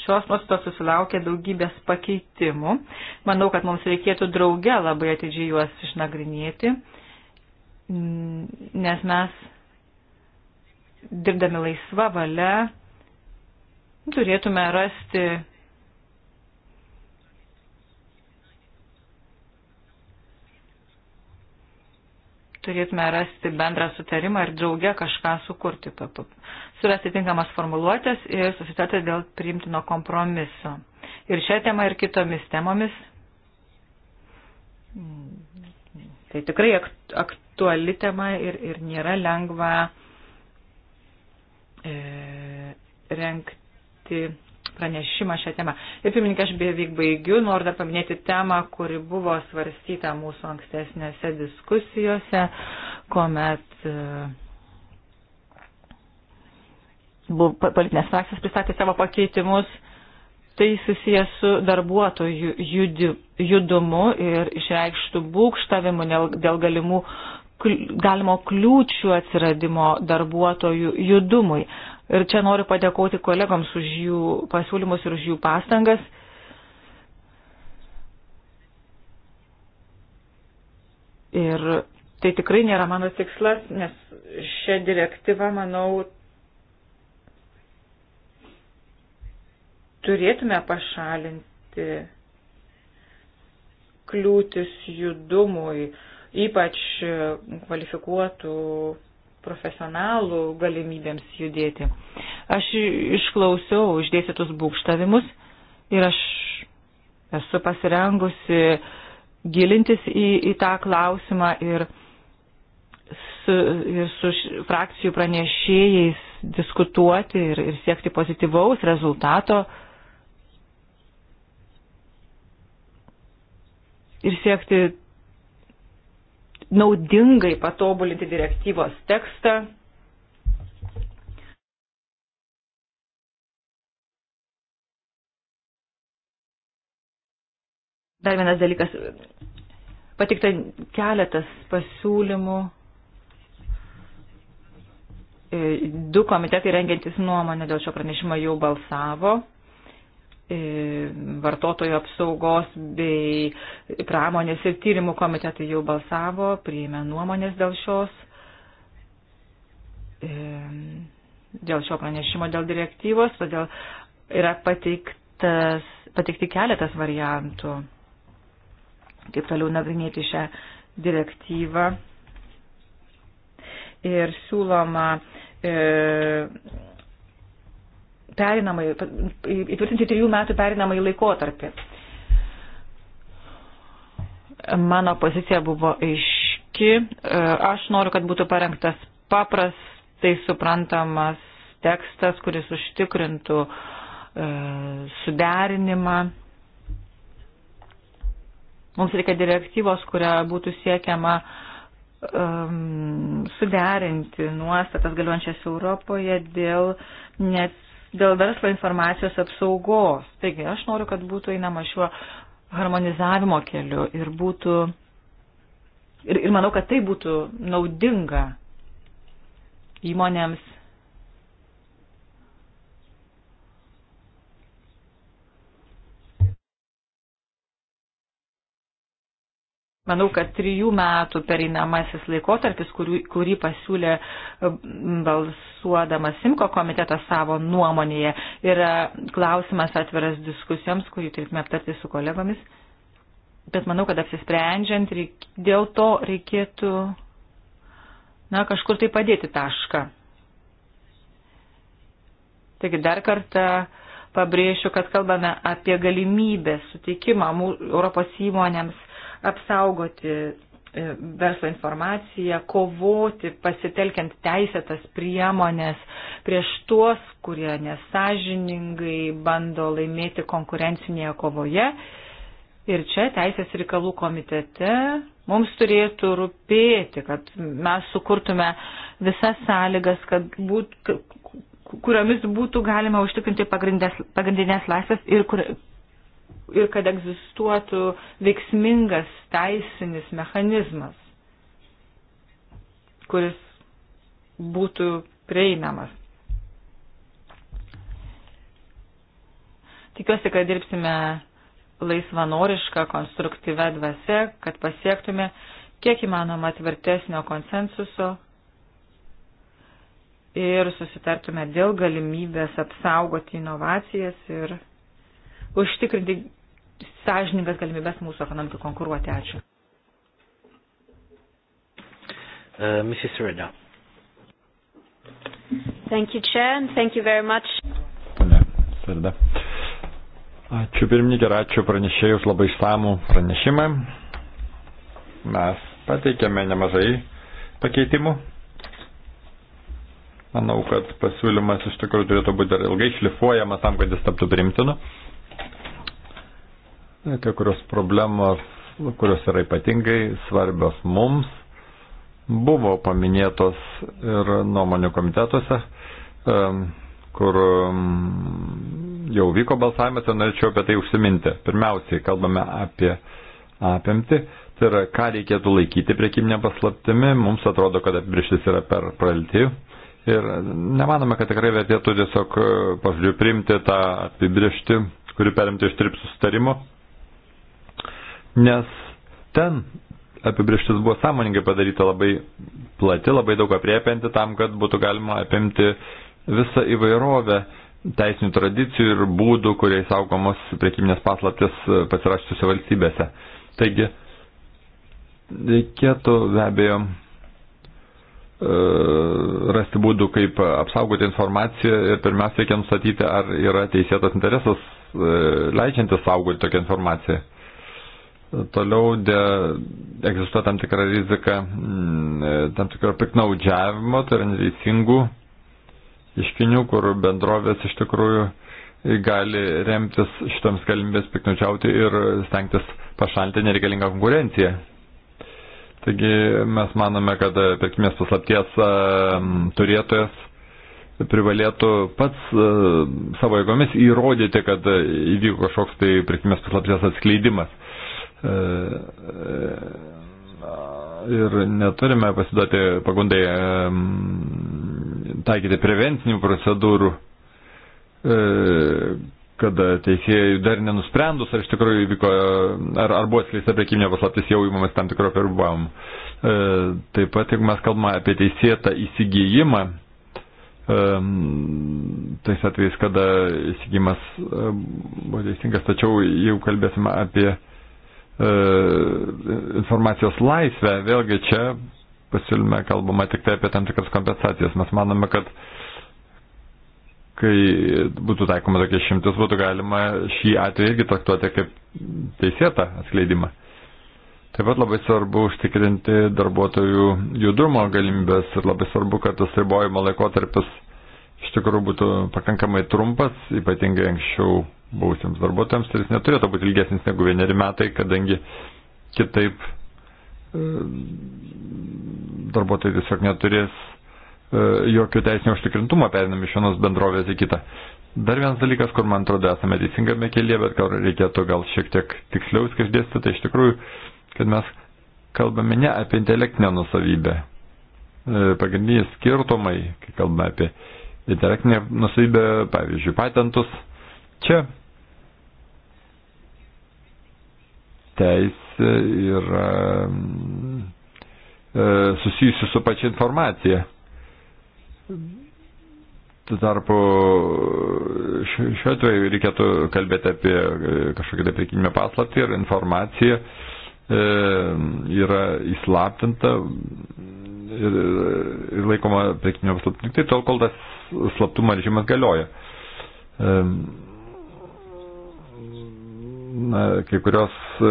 šios nuostatos susilaukė daugybės pakeitimų. Manau, kad mums reikėtų drauge labai atidžiai juos išnagrinėti, nes mes dirbdami laisva valia, turėtume rasti turėtume rasti bendrą sutarimą ir draugę kažką sukurti, surasti tinkamas formuluotės ir susitarti dėl priimtino kompromiso. Ir šią temą ir kitomis temomis. Hmm. Tai tikrai aktuali tema ir, ir nėra lengva e, renkti pranešimą šią temą. Ir pirmininkė, aš beveik baigiu, noriu dar paminėti temą, kuri buvo svarstyta mūsų ankstesnėse diskusijose, kuomet e, buvo politinės frakcijas pristatė savo pakeitimus. Tai susijęs su darbuotojų judumu ir išreikštų būkštavimų dėl galimų uh, galimo kliūčių atsiradimo darbuotojų judumui. Ir čia noriu padėkoti kolegoms už jų pasiūlymus ir už jų pastangas. Ir tai tikrai nėra mano tikslas, nes šią direktyvą, manau, turėtume pašalinti kliūtis judumui ypač e, kvalifikuotų profesionalų galimybėms judėti. Aš išklausiau išdėstytus būkštavimus ir aš esu pasirengusi gilintis į, į tą klausimą ir su, ir su frakcijų pranešėjais diskutuoti ir, ir siekti pozityvaus rezultato ir siekti naudingai patobulinti direktyvos tekstą. Dar vienas dalykas. Patikta keletas pasiūlymų. E, du komitetai rengiantis nuomonę dėl šio pranešimo jau balsavo. E, vartotojų apsaugos bei pramonės ir tyrimų komitetai jau balsavo, priėmė nuomonės dėl šios, e, dėl šio pranešimo, dėl direktyvos, todėl yra pateiktas, pateikti keletas variantų, kaip toliau nagrinėti šią direktyvą. Ir siūloma e, perinamai, įtvirtinti trijų metų perinamai laikotarpį. Mano pozicija buvo aiški. E, aš noriu, kad būtų parengtas paprastai suprantamas tekstas, kuris užtikrintų e, suderinimą. Mums reikia direktyvos, kuria būtų siekiama uh, um, suderinti nuostatas galiuojančias Europoje dėl net dėl verslo informacijos apsaugos. Taigi aš noriu, kad būtų einama šiuo harmonizavimo keliu ir būtų. Ir, ir manau, kad tai būtų naudinga įmonėms Manau, kad trijų metų pereinamasis laikotarpis, kurį, kurį pasiūlė e, balsuodamas Simko komitetas savo nuomonėje, yra klausimas atviras diskusijoms, kurį turėtume aptarti su kolegomis. Bet manau, kad apsisprendžiant reik, dėl to reikėtų na, kažkur tai padėti tašką. Taigi dar kartą pabrėšiu, kad kalbame apie galimybę suteikimą Europos įmonėms apsaugoti e, verslo informaciją, kovoti pasitelkiant teisėtas priemonės prieš tuos, kurie nesažiningai bando laimėti konkurencinėje kovoje. Ir čia Teisės reikalų komitete mums turėtų rūpėti, kad mes sukurtume visas sąlygas, kad būt, kuriomis būtų galima užtikrinti pagrindinės, pagrindinės laisvės ir kur, ir kad egzistuotų veiksmingas teisinis mechanizmas, kuris būtų prieinamas. Tikiuosi, kad dirbsime laisvanorišką, konstruktyvę dvasę, kad pasiektume kiek įmanoma tvirtesnio konsensuso ir susitartume dėl galimybės apsaugoti inovacijas ir užtikrinti sąžiningas galimybės mūsų ekonomikai konkuruoti. Ačiū. Uh, Mrs. Reda. Thank you, Chair, and thank you very much. Pane Sarda. Ačiū pirmininkė ir ačiū pranešėjus labai išsamų pranešimą. Mes pateikėme nemažai pakeitimų. Manau, kad pasiūlymas iš tikrųjų turėtų būti dar ilgai šlifuojamas tam, kad jis taptų primtinu kai kurios problemos, kurios yra ypatingai svarbios mums, buvo paminėtos ir nuomonių komitetuose, kur jau vyko balsavimas ir norėčiau apie tai užsiminti. Pirmiausiai kalbame apie apimti, tai yra ką reikėtų laikyti priekybinė paslaptimi, mums atrodo, kad apibrištis yra per pralti. Ir nemanome, kad tikrai vertėtų tiesiog, e, pavyzdžiui, priimti tą apibrištį, kuri perimti iš trip sustarimo, nes ten apibrieštis buvo sąmoningai padaryta labai plati, labai daug apriepianti tam, kad būtų galima apimti visą įvairovę teisinių tradicijų ir būdų, kuriais saugomos priekiminės paslaptis pasirašysiuose valstybėse. Taigi, reikėtų be abejo e, rasti būdų, kaip apsaugoti informaciją ir pirmiausia reikia nustatyti, ar yra teisėtas interesas e, leidžiantis saugoti tokią informaciją. Toliau de, egzistuoja tam tikra rizika, mm, e, tam tikro piknaudžiavimo, tai yra neteisingų iškinių, kur bendrovės iš tikrųjų gali remtis šitoms galimybės piknaudžiauti ir stengtis pašalinti nereikalingą konkurenciją. Taigi mes manome, kad pirkimės paslapties e, turėtojas privalėtų pats e, savo jėgomis įrodyti, kad įvyko kažkoks tai pirkimės paslapties atskleidimas. E, e, ir neturime pasiduoti pagundai e, taikyti prevencinių procedūrų, kada teisėjai dar nenusprendus, ar iš tikrųjų įvyko, ar, ar buvo atskleista prekyminė paslaptis, jau įmamas tam tikro perubavimo. Taip pat, jeigu mes kalbame apie teisėtą įsigijimą, tais atvejais, kada įsigijimas buvo teisingas, tačiau jeigu kalbėsime apie uh, E, informacijos laisvę, vėlgi čia pasiūlyme kalbama tik tai apie tam tikras kompensacijas. Mes manome, kad kai būtų taikoma tokia šimtis, būtų galima šį atvejį irgi traktuoti kaip teisėtą atskleidimą. Taip pat labai svarbu užtikrinti darbuotojų judrumo galimybės ir labai svarbu, kad tas ribojimo laikotarpis iš tikrųjų būtų pakankamai trumpas, ypatingai anksčiau būsiems darbuotojams ir tai jis neturėtų būti ilgesnis negu vieneri metai, kadangi kitaip e, darbuotojai tiesiog neturės e, jokio teisinio užtikrintumo perinami iš vienos bendrovės į kitą. Dar vienas dalykas, kur man atrodo esame teisingame kelyje, bet gal reikėtų gal šiek tiek tiksliau skaždėsti, tai iš tikrųjų, kad mes kalbame ne apie intelektinę nusavybę. E, pagrindiniai skirtumai, kai kalbame apie intelektinę nusavybę, pavyzdžiui, patentus, čia teisė yra e, susijusi su pačia informacija. Tuo tarpu šiuo atveju reikėtų kalbėti apie e, kažkokią tai prekinimę paslaptį ir informacija e, yra įslaptinta ir, ir laikoma prekinimė paslaptį tik tai tol, kol tas slaptumo režimas galioja. E, na, kai kurios e,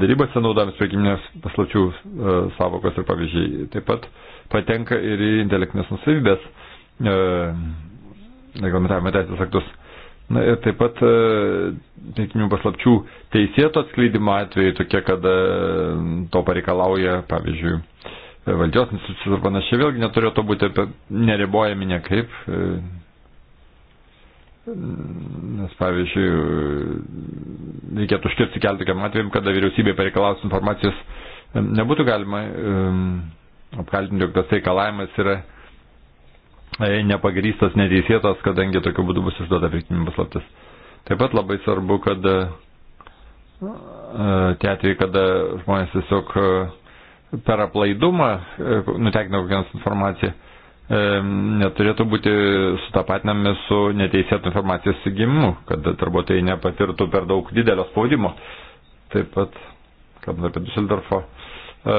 darybose naudojamas priekiminės paslapčių e, savokos ir pavyzdžiai taip pat patenka ir į intelektinės nusavybės e, reglamentavimo teisės aktus. Na ir taip pat e, teikinių paslapčių teisėto atskleidimo atveju tokie, kada e, to pareikalauja, pavyzdžiui, valdžios institucijos ar panašiai, vėlgi neturėtų būti neribojami niekaip, e, Nes pavyzdžiui, reikėtų užkirsti kelią tokiam atvejim, kada vyriausybė pareikalaus informacijos, nebūtų galima apkaltinti, jog tas reikalavimas yra e, nepagrystas, neteisėtas, kadangi tokiu būdu bus išduota pirkimų paslaptis. Taip pat labai svarbu, kad e, tie atvejai, kada žmonės tiesiog e, per aplaidumą nutekina kokią nors informaciją, E, neturėtų būti sutapatinami su neteisėtų informacijos įsigimu, kad darbuotojai nepatirtų per daug didelio spaudimo. Taip pat, kalbant apie Düsseldorfo e,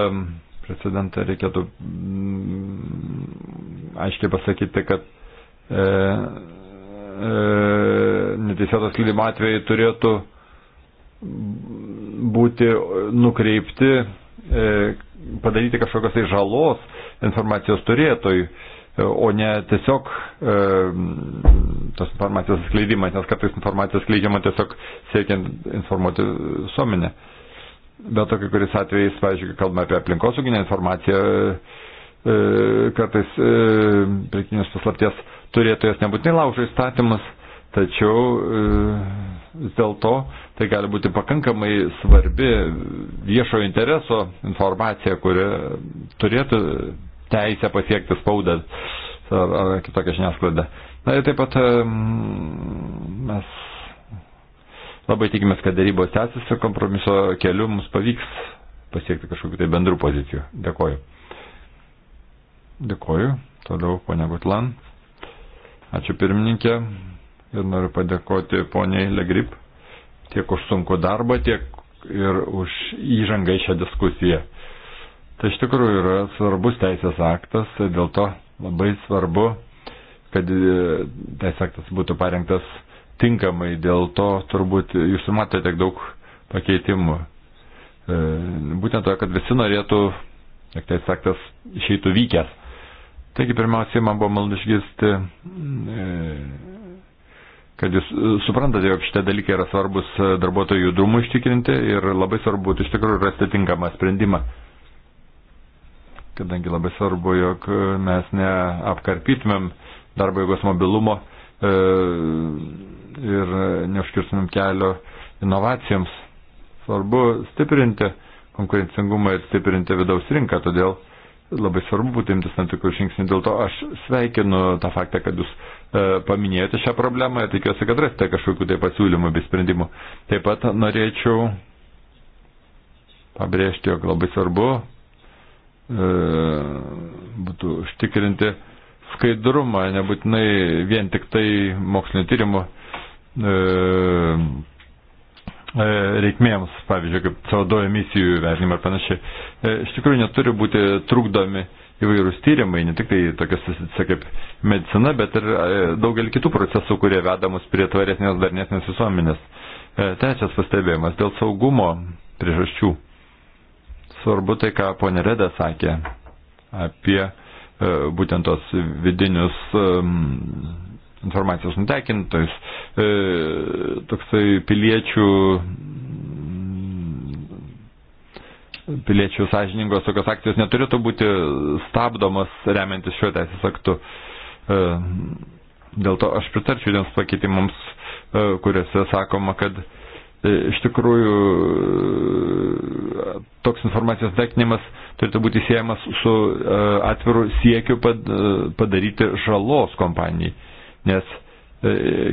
precedentą, reikėtų mm, aiškiai pasakyti, kad e, e, neteisėtos lydimo atvejai turėtų būti nukreipti, e, padaryti kažkokios tai žalos informacijos turėtojui. E, E, o ne tiesiog e, tos informacijos skleidimas, nes kartais informacija skleidžiama tiesiog siekiant informuoti visuomenę. Bet tokia, kuris atvejais, pavyzdžiui, kalbame apie aplinkosauginę informaciją, e, kartais e, prekinės paslapties turėtojas nebūtinai laužo įstatymus, tačiau e, vis dėlto tai gali būti pakankamai svarbi viešojo intereso informacija, kuri turėtų teisę pasiekti spaudą ar, ar kitokią žiniasklaidą. Na ir taip pat mes labai tikimės, kad darybos tęsis ir kompromiso keliu mums pavyks pasiekti kažkokiu tai bendrų pozicijų. Dėkoju. Dėkoju. Toliau ponia Gutlan. Ačiū pirmininkė ir noriu padėkoti poniai Legrip tiek už sunku darbą, tiek ir už įžangą į šią diskusiją. Tai iš tikrųjų yra svarbus teisės aktas, tai dėl to labai svarbu, kad e, teisės aktas būtų parengtas tinkamai, dėl to turbūt jūs matote tiek daug pakeitimų. E, būtent to, kad visi norėtų, tiek teisės aktas išeitų vykęs. Taigi pirmiausiai man buvo malonu išgirsti, e, kad jūs suprantate, jog šitie dalykai yra svarbus darbuotojų judrumų ištikrinti ir labai svarbu būtų iš tikrųjų rasti tinkamą sprendimą kadangi labai svarbu, jog e, mes neapkarpytumėm darbo jėgos mobilumo e, ir neužkirstumėm kelio inovacijoms. Svarbu stiprinti konkurencingumą ir stiprinti vidaus rinką, todėl labai svarbu būtų imtis tam tikrų žingsnių. Dėl to aš sveikinu tą faktą, kad jūs e, paminėjote šią problemą ir tikiuosi, kad rasite kažkokių tai pasiūlymų bei sprendimų. Taip pat norėčiau pabrėžti, jog labai svarbu E, būtų užtikrinti skaidrumą, nebūtinai vien tik tai mokslinio tyrimo e, e, reikmėms, pavyzdžiui, kaip CO2 emisijų vertinimą ir panašiai. Iš tikrųjų neturi būti trukdomi įvairūs tyrimai, ne tik tai tokias, kaip medicina, bet ir daugelį kitų procesų, kurie veda mus prie tvaresnės, darnesnės visuomenės. Trečias pastebėjimas dėl saugumo priežasčių svarbu tai, ką ponė Reda sakė apie e, būtent tos vidinius informacijos nutekintojus, e, toksai piliečių piliečių sąžiningos tokios akcijos neturėtų būti stabdomas remiantis šiuo teisės aktu. E, dėl to aš pritarčiau tiems pakeitimams, kuriuose sakoma, kad E, iš tikrųjų toks informacijos tekinimas turėtų būti siejamas su e, atviru siekiu e, padaryti žalos kompanijai. Nes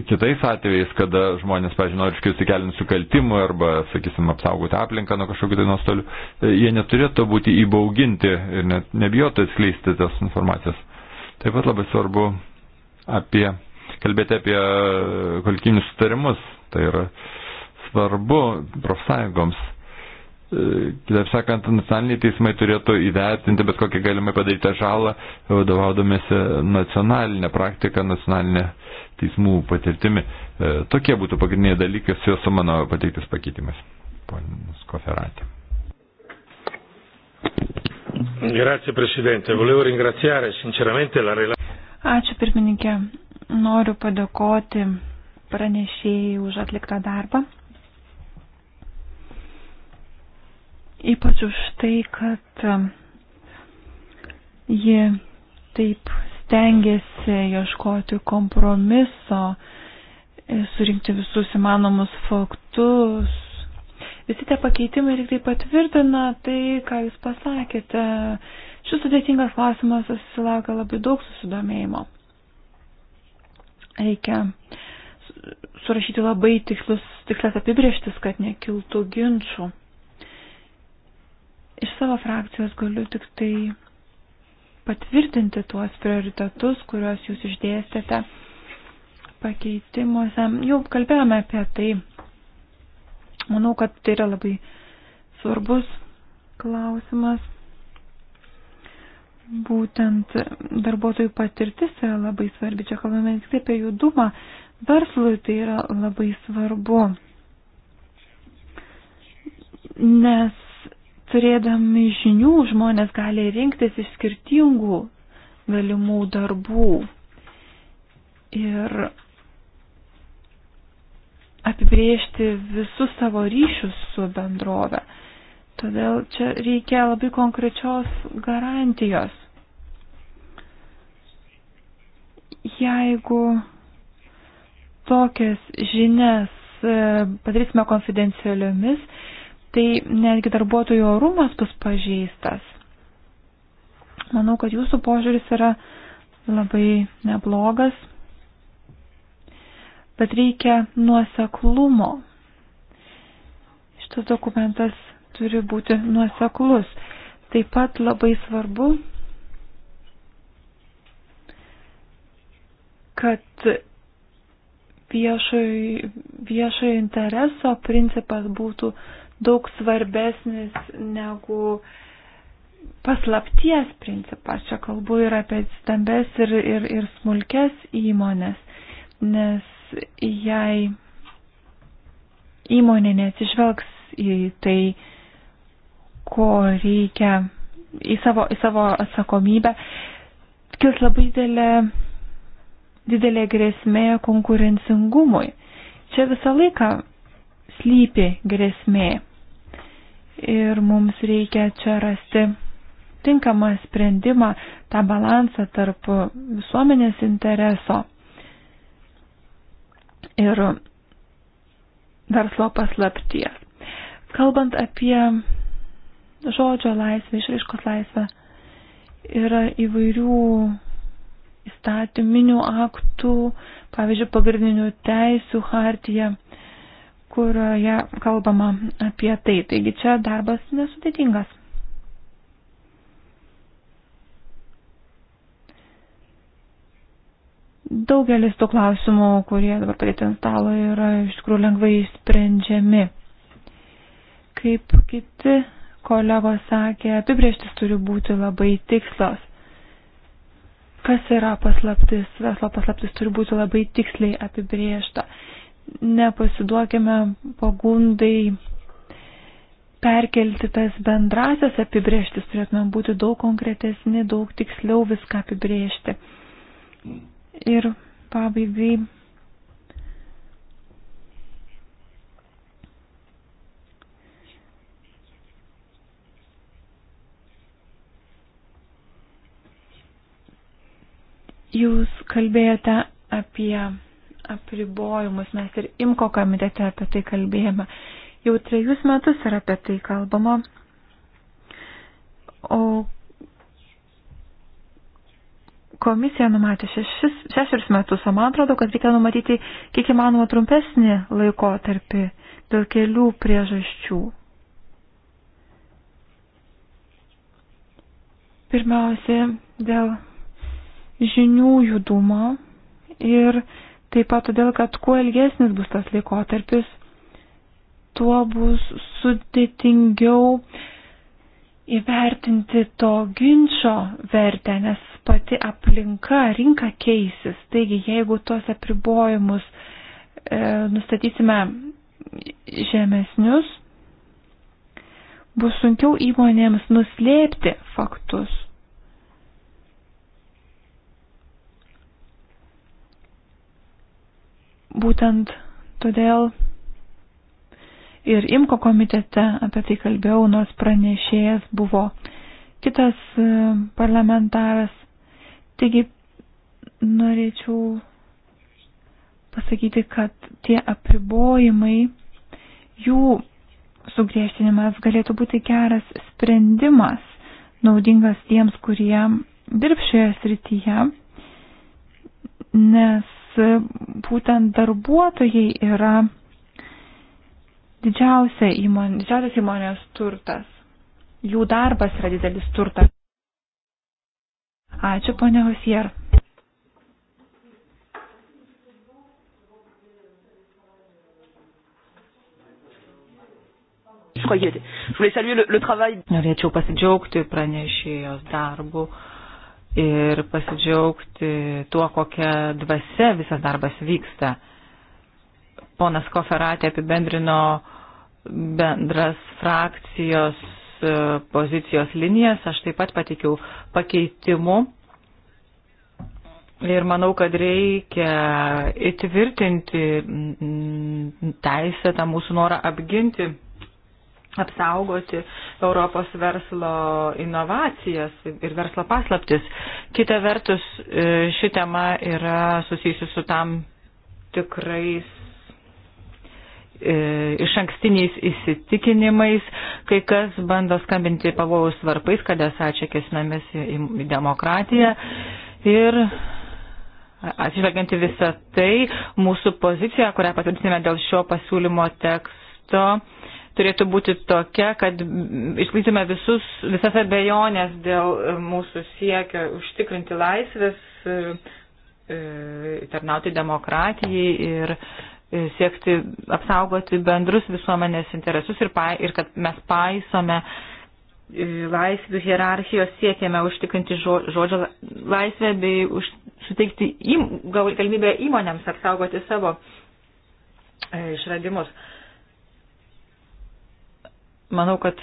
kitais atvejais, kada žmonės, pažiūrėjau, nori iškirsti kelią nusikaltimų arba, sakysim, apsaugoti aplinką nuo kažkokių tai nuostolių, jie neturėtų būti įbauginti ir net nebijotų atskleisti tos informacijos. Taip pat labai svarbu apie, kalbėti apie kolektyvinius sutarimus, tai yra uh, svarbu profsąjungoms. E, kitaip sakant, nacionaliniai teismai turėtų įvertinti bet kokią galimai padarytą žalą, vadovaudomėsi nacionalinę praktiką, nacionalinę teismų patirtimi. E, tokie būtų pagrindiniai dalykai su jūsų mano pateiktis pakeitimais. Ponas Koferatė. Grazie Presidente, volevo ringraziare sinceramente la relazione. Ačiū pirmininkė, noriu padėkoti pranešėjai už atliktą darbą. ypač už tai, kad um, ji taip stengiasi ieškoti kompromiso, e, surinkti visus įmanomus faktus. Visi tie pakeitimai tik tai patvirtina tai, ką jūs pasakėte. Šis sudėtingas klausimas susilaukia labai daug susidomėjimo. Reikia surašyti labai tikslus, tikslas apibrieštis, kad nekiltų ginčių. Iš savo frakcijos galiu tik tai patvirtinti tuos prioritetus, kuriuos jūs išdėstėte pakeitimuose. Jau kalbėjome apie tai. Manau, kad tai yra labai svarbus klausimas. Būtent darbuotojų patirtis yra labai svarbi. Čia kalbame tik tai apie judumą. Verslui tai yra labai svarbu. Nes turėdami žinių žmonės gali rinktis iš skirtingų galimų darbų. Ir apibriežti visus savo ryšius su bendrove. Todėl čia reikia labai konkrečios garantijos. Jeigu tokias žinias e, padarysime konfidencialiomis, tai netgi darbuotojų orumas bus pažeistas. Manau, kad jūsų požiūris yra labai neblogas, bet reikia nuoseklumo. Šitas dokumentas turi būti nuoseklus. Taip pat labai svarbu, kad viešojo intereso principas būtų uh, daug svarbesnis negu paslapties principas. Čia kalbu ir apie stambes ir, ir, ir smulkes įmonės, nes jei įmonė neatsižvelgs į tai, ko reikia į savo, į savo atsakomybę, kils labai didelė, didelė grėsmė konkurencingumui. Čia visą laiką slypi grėsmė ir mums reikia čia rasti tinkamą sprendimą, tą balansą tarp visuomenės intereso ir verslo paslapties. Kalbant apie žodžio laisvę, išraiškos laisvę, yra įvairių įstatyminių aktų, pavyzdžiui, pagrindinių teisių hartija kurioje kalbama apie tai. Taigi čia darbas nesudėtingas. Daugelis tų klausimų, kurie dabar padėti ant stalo, yra iš tikrųjų lengvai sprendžiami. Kaip kiti kolegos sakė, apibrieštis turi būti labai tikslios. Kas yra paslaptis? Verslo paslaptis turi būti labai tiksliai apibriešta nepasiduokime pagundai perkelti tas bendrasias apibrieštis, turėtume būti daug konkretesni, daug tiksliau viską apibriežti. Ir pabaigai. Jūs kalbėjote apie apribojimus. Mes ir Imko komitete apie tai kalbėjome. Jau trejus metus yra apie tai kalbama. O komisija numatė šešis, šešis metus, o man atrodo, kad reikia numatyti kiek įmanoma trumpesnį laikotarpį dėl kelių priežasčių. Pirmiausia, dėl žinių judumo ir Taip pat todėl, kad kuo ilgesnis bus tas laikotarpis, tuo bus sudėtingiau įvertinti to ginčio vertę, nes pati aplinka, rinka keisis. Taigi, jeigu tuos apribojimus e, nustatysime žemesnius, bus sunkiau įmonėms nuslėpti faktus. Būtent todėl ir Imko komitete apie tai kalbėjau, nors pranešėjas buvo kitas e, parlamentaras. Taigi norėčiau pasakyti, kad tie apribojimai, jų sugriežtinimas galėtų būti geras sprendimas, naudingas tiems, kurie dirb šioje srityje, nes būtent darbuotojai yra didžiausia įmonė, didžiausias įmonės turtas. Jų darbas yra didelis turtas. Ačiū, ponia Hosier. Norėčiau pasidžiaugti pranešėjos darbu. Uh, ir pasidžiaugti tuo, kokia dvasia visas darbas vyksta. Ponas Koferatė apibendrino bendras frakcijos e, pozicijos linijas, aš taip pat patikiau pakeitimu. Ir manau, kad reikia įtvirtinti teisę tą mūsų norą apginti apsaugoti Europos verslo inovacijas ir verslo paslaptis. Kita vertus, e, ši tema yra susijusi su tam tikrais e, iš ankstiniais įsitikinimais, kai kas bando skambinti pavojus varpais, kad esą čia kesinamės į demokratiją. Ir atsižvelgianti visą tai, mūsų pozicija, kurią patvirtiname dėl šio pasiūlymo teksto, turėtų būti tokia, kad išklaidytume visus, visas abejonės dėl mūsų siekio užtikrinti laisvės, e, e, tarnauti demokratijai ir e, siekti apsaugoti bendrus visuomenės interesus ir, pa, ir kad mes paisome laisvių hierarchijos siekiame užtikrinti žodžio laisvę bei už, suteikti im, galimybę įmonėms apsaugoti savo išradimus. E, manau, kad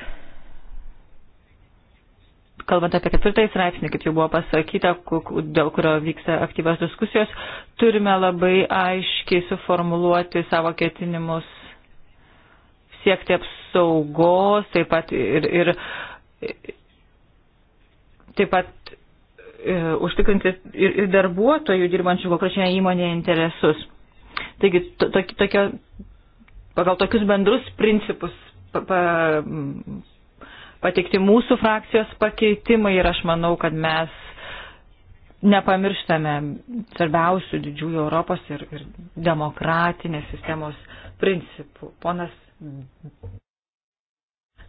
kalbant apie ketvirtąjį straipsnį, kaip jau buvo pasakyta, dėl kurio vyksta aktyvios diskusijos, turime labai aiškiai suformuluoti savo ketinimus siekti apsaugos, taip pat ir, ir taip pat ir, e, užtikrinti ir, ir darbuotojų dirbančių konkrečioje įmonėje interesus. Interesus. Taigi, to, to, tokio, pagal tokius bendrus principus pateikti mūsų frakcijos pakeitimai ir aš manau, kad mes nepamirštame svarbiausių didžiųjų Europos ir, ir demokratinės sistemos principų. Ponas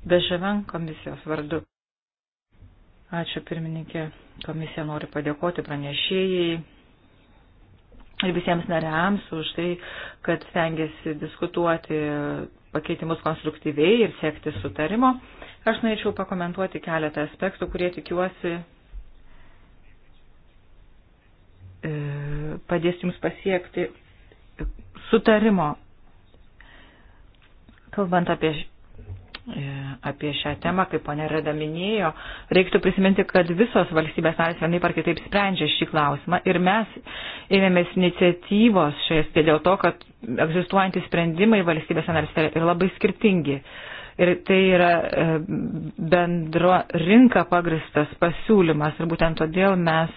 Bežavan komisijos vardu. Ačiū pirmininkė. Komisija nori padėkoti pranešėjai ir visiems nariams už tai, kad stengiasi diskutuoti pakeitimus konstruktyviai ir siekti sutarimo. Aš norėčiau pakomentuoti keletą aspektų, kurie tikiuosi e, padės jums pasiekti sutarimo. Kalbant apie E, apie šią temą, kaip ponė Reda minėjo, reiktų prisiminti, kad visos valstybės narės vienaip ar kitaip sprendžia šį klausimą ir mes ėmėmės iniciatyvos šioje spėje dėl to, kad egzistuojantys sprendimai valstybės narėse yra labai skirtingi. Ir tai yra e, bendro rinka pagristas pasiūlymas ir būtent todėl mes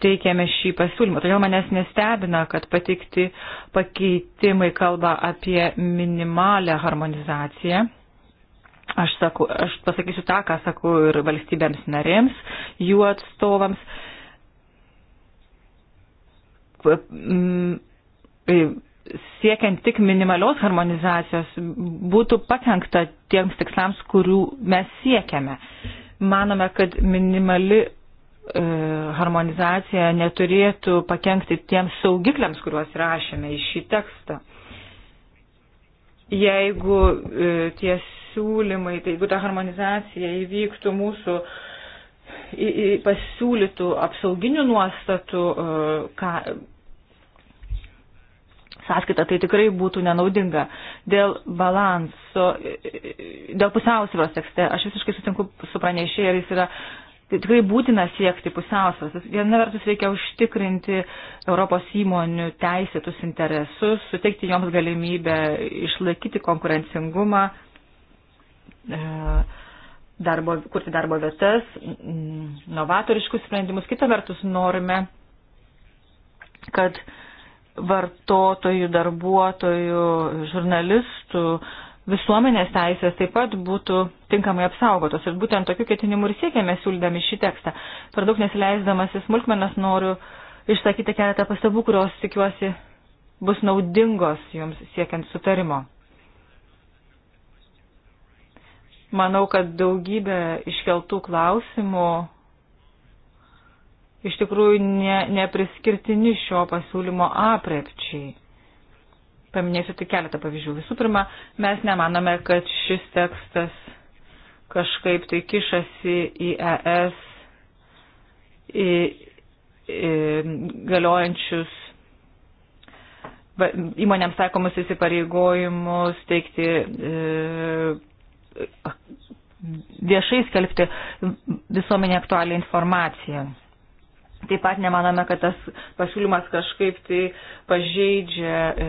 teikėme šį pasiūlymą. Todėl manęs nestebina, kad pateikti pakeitimai kalba apie minimalę harmonizaciją Aš, saku, aš pasakysiu tą, ką sakau ir valstybėms narėms, jų atstovams. Siekiant tik minimalios harmonizacijos, būtų pakengta tiems tikslams, kurių mes siekiame. Manome, kad minimali e, harmonizacija neturėtų pakengti tiems saugikliams, kuriuos rašėme į šį tekstą. Jeigu e, ties pasiūlymai, tai jeigu ta harmonizacija įvyktų mūsų į, į pasiūlytų apsauginių nuostatų, e, ką, sąskaita, tai tikrai būtų nenaudinga. Dėl balanso, e, e, dėl pusiausvėros tekste, aš visiškai sutinku su pranešėjai, jis yra tai tikrai būtina siekti pusiausvėros. Viena vertus reikia užtikrinti Europos įmonių teisėtus interesus, suteikti joms galimybę išlaikyti konkurencingumą E, darbo, kurti darbo vietas, mm, novatoriškus sprendimus. Kita vertus, norime, kad vartotojų, darbuotojų, žurnalistų, visuomenės teisės taip pat būtų tinkamai apsaugotos. Ir būtent tokių ketinimų ir siekėme siūlydami šį tekstą. Per daug nesileisdamas į smulkmenas noriu išsakyti keletą pastabų, kurios tikiuosi bus naudingos jums siekiant sutarimo. Manau, kad daugybė iškeltų klausimų iš tikrųjų ne, nepriskirtini šio pasiūlymo aprepčiai. Paminėsiu tik keletą pavyzdžių. Visų pirma, mes nemanome, kad šis tekstas kažkaip tai kišasi į ES į, į galiojančius įmonėms taikomus įsipareigojimus teikti e, viešai skelbti visuomenė aktualią informaciją. Taip pat nemanome, kad tas pasiūlymas kažkaip tai pažeidžia e,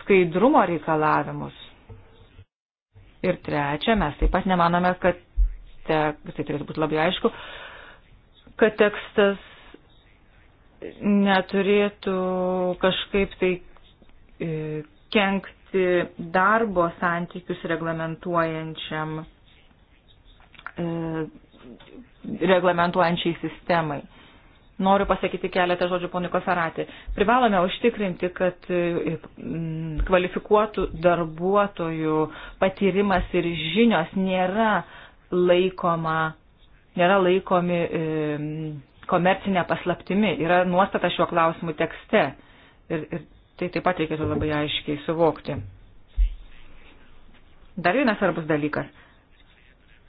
skaidrumo reikalavimus. Ir trečia, mes taip pat nemanome, kad, te, tai turėtų būti labai aišku, kad tekstas neturėtų kažkaip tai e, kenkti darbo santykius reglamentuojančiam E, reglamentuojančiai sistemai. Noriu pasakyti keletą žodžių ponui Koferatį. Privalome užtikrinti, kad e, kvalifikuotų darbuotojų patyrimas ir žinios nėra laikoma, nėra laikomi e, komercinė paslaptimi. Yra nuostata šiuo klausimu tekste. Ir, ir tai taip pat reikėtų labai aiškiai suvokti. Dar vienas svarbus dalykas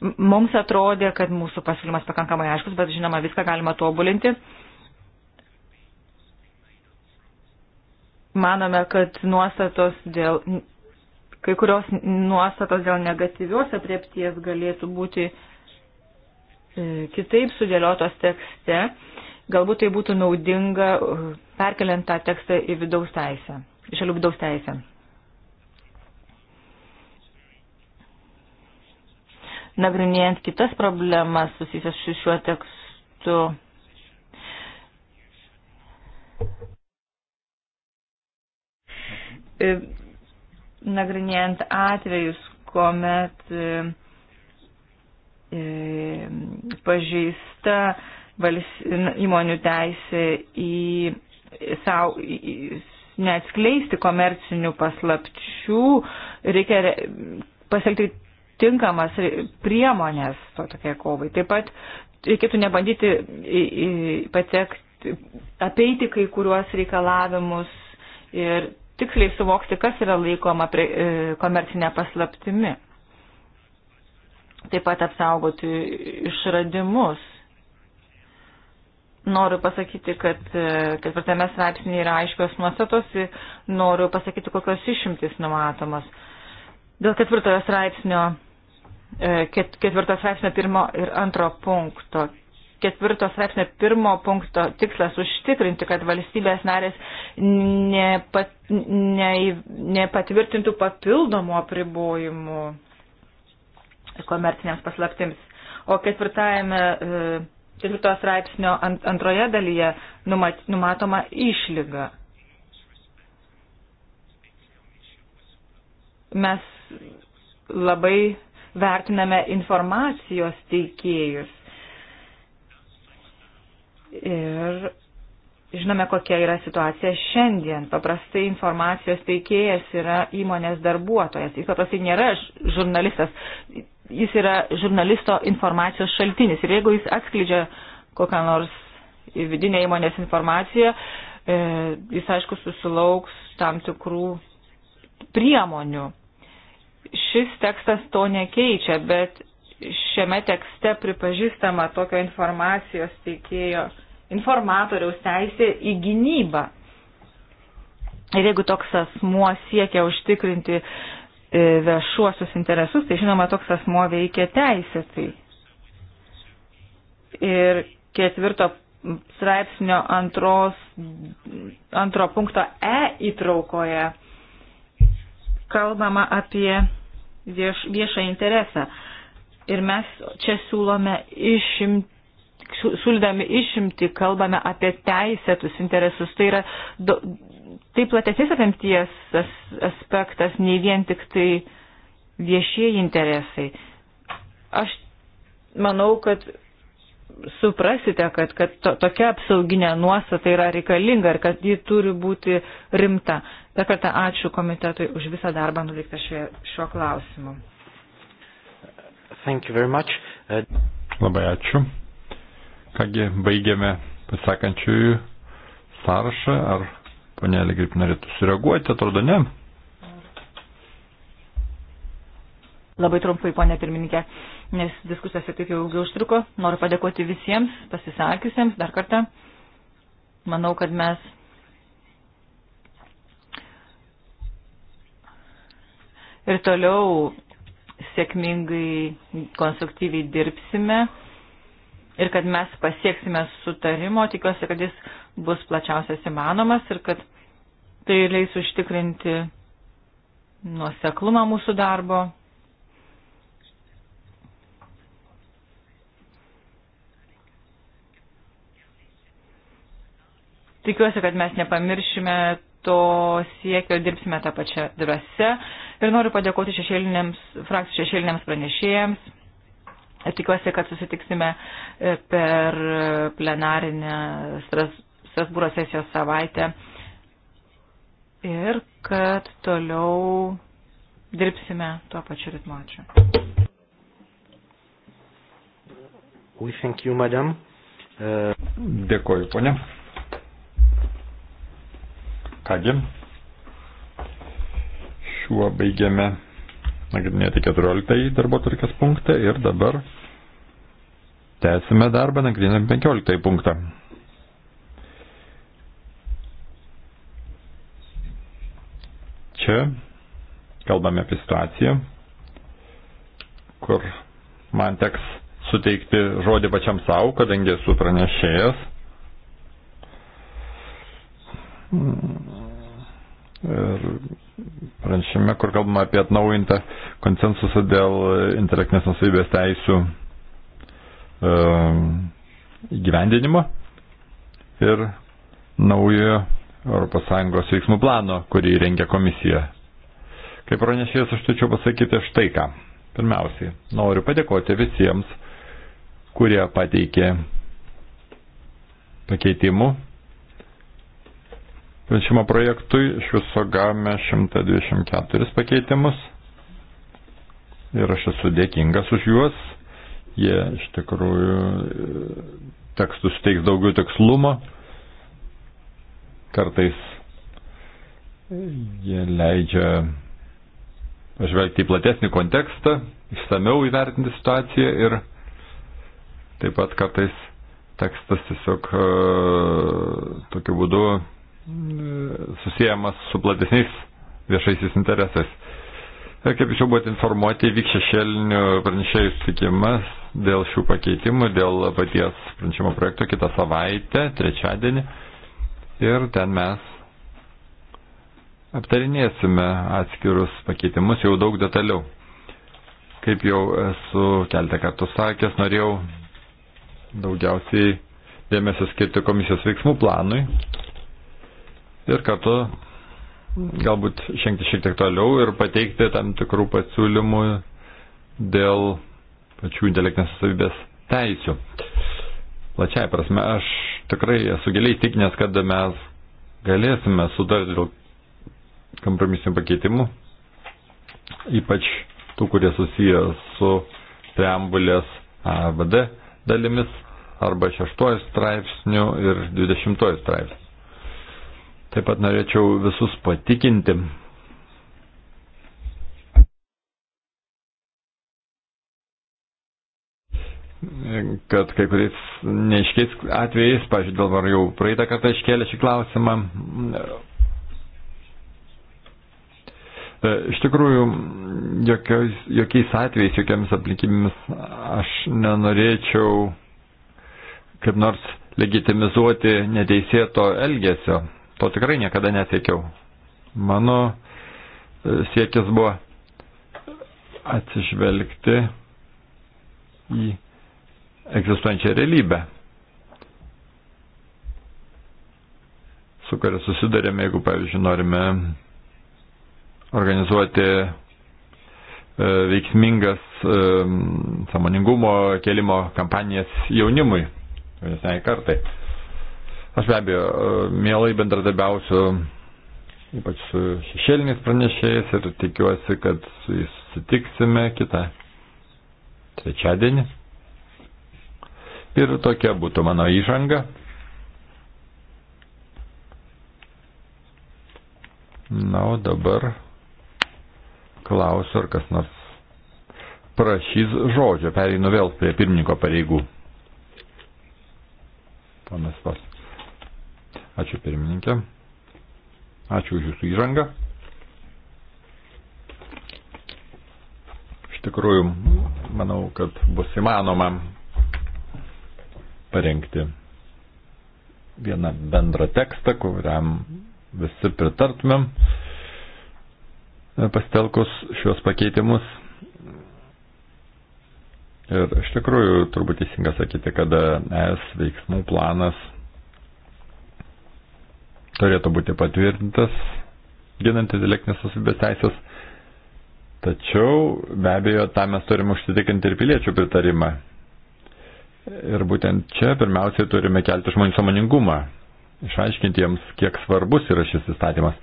Mums atrodė, kad mūsų pasiūlymas pakankamai aiškus, bet žinoma, viską galima tobulinti. Manome, kad nuostatos dėl, kai kurios nuostatos dėl negatyvios apriepties galėtų būti e, kitaip sudėliotos tekste. Galbūt tai būtų naudinga e, perkeliant tą tekstą į vidaus teisę, šalių vidaus teisę. nagrinėjant kitas problemas susijusias su šiuo tekstu. E, nagrinėjant atvejus, kuomet e, e, pažeista įmonių teisė į, sau, į neatskleisti komercinių paslapčių, reikia pasielgti tinkamas priemonės to tokiai kovai. Taip pat reikėtų nebandyti patekti, apeiti kai kuriuos reikalavimus ir tiksliai suvokti, kas yra laikoma prie, e, komercinė paslaptimi. Taip pat apsaugoti išradimus. Noriu pasakyti, kad e, ketvirtame straipsnėje yra aiškios nuostatos ir noriu pasakyti, kokios išimtis numatomas. Dėl ketvirtojo straipsnio E, ketvirto straipsnio pirmo ir antro punkto. Ketvirto straipsnio pirmo punkto tikslas užtikrinti, kad valstybės narės nepat, ne, nepatvirtintų papildomų apribojimų komerciniams paslaptims. O ketvirtajame, e, ketvirto straipsnio ant, antroje dalyje numat, numatoma išlyga. Mes labai vertiname informacijos teikėjus. Ir žinome, kokia yra situacija šiandien. Paprastai informacijos teikėjas yra įmonės darbuotojas. Jis paprastai nėra žurnalistas. Jis yra žurnalisto informacijos šaltinis. Ir jeigu jis atskleidžia kokią nors vidinę įmonės informaciją, e, jis aišku susilauks tam tikrų priemonių. Šis tekstas to nekeičia, bet šiame tekste pripažįstama tokio informacijos teikėjo informatoriaus teisė į gynybą. Ir jeigu toks asmuo siekia užtikrinti e, viešuosius interesus, tai žinoma, toks asmuo veikia teisėtai. Ir ketvirto straipsnio antros, antro punkto E įtraukoje kalbama apie vieš, viešą interesą. Ir mes čia siūlome išimti. Siūlydami išimti, kalbame apie teisėtus interesus. Tai yra do, tai platesnės apimties as, aspektas, nei vien tik tai viešieji interesai. Aš manau, kad suprasite, kad, kad to, tokia apsauginė nuostata yra reikalinga ir kad ji turi būti rimta. Dar kartą ačiū komitetui už visą darbą nuveiktą šiuo, šiuo klausimu. Uh, Labai ačiū. Kągi, baigiame pasakančiųjų sąrašą. Ar ponelė Grip norėtų sureaguoti, atrodo ne. Labai trumpai, ponė pirmininkė. Uh, nes diskusijos ir taip jau ilgai užtruko. Noriu padėkoti visiems pasisakiusiems dar kartą. Manau, kad mes ir toliau sėkmingai, konstruktyviai dirbsime ir kad mes pasieksime sutarimo. Tikiuosi, kad jis bus plačiausias įmanomas ir kad tai leis užtikrinti nuoseklumą mūsų darbo Tikiuosi, kad mes nepamiršime to siekio, dirbsime tą pačią drąsę. Ir noriu padėkoti šešėlinėms, frakcijų šešėlinėms pranešėjams. Ir tikiuosi, kad susitiksime e, per e, plenarinę Strasbūro sesijos savaitę. Ir kad toliau dirbsime tuo pačiu ritmu. Ačiū. We thank you, madam. Uh... Dėkoju, ponia. Kągi, šiuo baigiame nagrinėti 14 darbo turkės punktą ir dabar tęsime darbą nagrinėti 15 punktą. Čia kalbame apie situaciją, kur man teks suteikti žodį pačiam savo, kadangi esu pranešėjas. Ir pranešime, kur kalbama apie atnaujintą konsensusą dėl intelektinės nusavybės teisų ehm, įgyvendinimo e, ir naujojo ES veiksmų plano, kurį rengia komisija. Kaip pranešėjas, aš turėčiau pasakyti štai ką. Pirmiausiai, noriu padėkoti visiems, kurie pateikė pakeitimų Pranešimo projektui iš viso gavome 124 pakeitimus ir aš esu dėkingas už juos. Jie iš tikrųjų e, tekstus teiks daugiau tikslumo. Kartais jie leidžia žvelgti į platesnį kontekstą, išsameu įvertinti situaciją ir taip pat kartais tekstas tiesiog e, tokiu būdu susijęs su platesniais viešaisiais interesais. Ir kaip iš jau buvote informuoti, vyks šešėlinių pranešėjų sutikimas dėl šių pakeitimų, dėl paties pranešimo projekto kitą savaitę, trečiadienį. Ir ten mes aptarinėsime atskirus pakeitimus jau daug detaliau. Kaip jau esu keltą kartų sakęs, norėjau daugiausiai dėmesio skirti komisijos veiksmų planui, ir kartu galbūt žengti šiek tiek toliau ir pateikti tam tikrų pasiūlymų dėl pačių intelektinės savybės teisių. Plačiai prasme, aš tikrai esu giliai tikinęs, kad mes galėsime sudaryti dėl kompromisinių pakeitimų, ypač tų, kurie susiję su preambulės ABD dalimis arba šeštuoju straipsniu ir dvidešimtuoju straipsniu. Taip pat norėčiau visus patikinti, kad kai kuriais neiškiais atvejais, pažiūrėjau, dabar jau praeitą kartą iškėlė šį klausimą. Iš tikrųjų, jokios, jokiais atvejais, jokiamis aplinkybėmis aš nenorėčiau kaip nors legitimizuoti neteisėto elgesio. To tikrai niekada nesiekiau. Mano e, siekis buvo atsižvelgti į egzistuojančią realybę, su kuria susidarėme, jeigu, pavyzdžiui, norime organizuoti e, veiksmingas e, samoningumo kelimo kampanijas jaunimui, visai kartai. Aš be abejo, e, mielai bendradarbiausiu ypač su šešėliniais pranešėjais ir tikiuosi, kad susitiksime kitą trečiadienį. Ir tokia būtų mano įžanga. Na, o dabar klausiu, ar kas nors prašys žodžio. Pereinu vėl prie pirmininko pareigų. Ponas Vas. Ačiū pirmininkė. Ačiū už jūsų įžangą. Iš tikrųjų, manau, kad bus įmanoma parengti vieną bendrą tekstą, kuriam visi pritartumėm, pastelkus šios pakeitimus. Ir iš tikrųjų turbūt teisinga sakyti, kad ES veiksmų planas turėtų būti patvirtintas ginant intelektinės nusibės teisės. Tačiau be abejo, tam mes turime užsitikinti ir piliečių pritarimą. Ir būtent čia pirmiausiai turime kelti žmonių samoningumą, išaiškinti jiems, kiek svarbus yra šis įstatymas.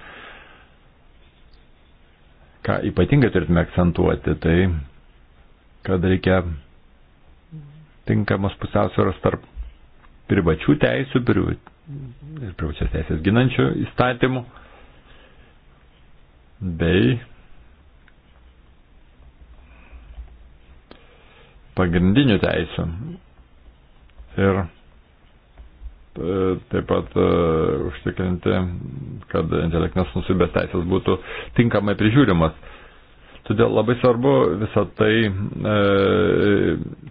Ką ypatingai turėtume akcentuoti, tai kad reikia tinkamos pusiausvėros tarp privačių teisų, privačių ir privačias teisės ginančių įstatymų bei pagrindinių teisų ir e, taip pat uh, užtikrinti, kad intelektinės nusibės teisės būtų tinkamai prižiūrimas. Todėl labai svarbu visą tai e,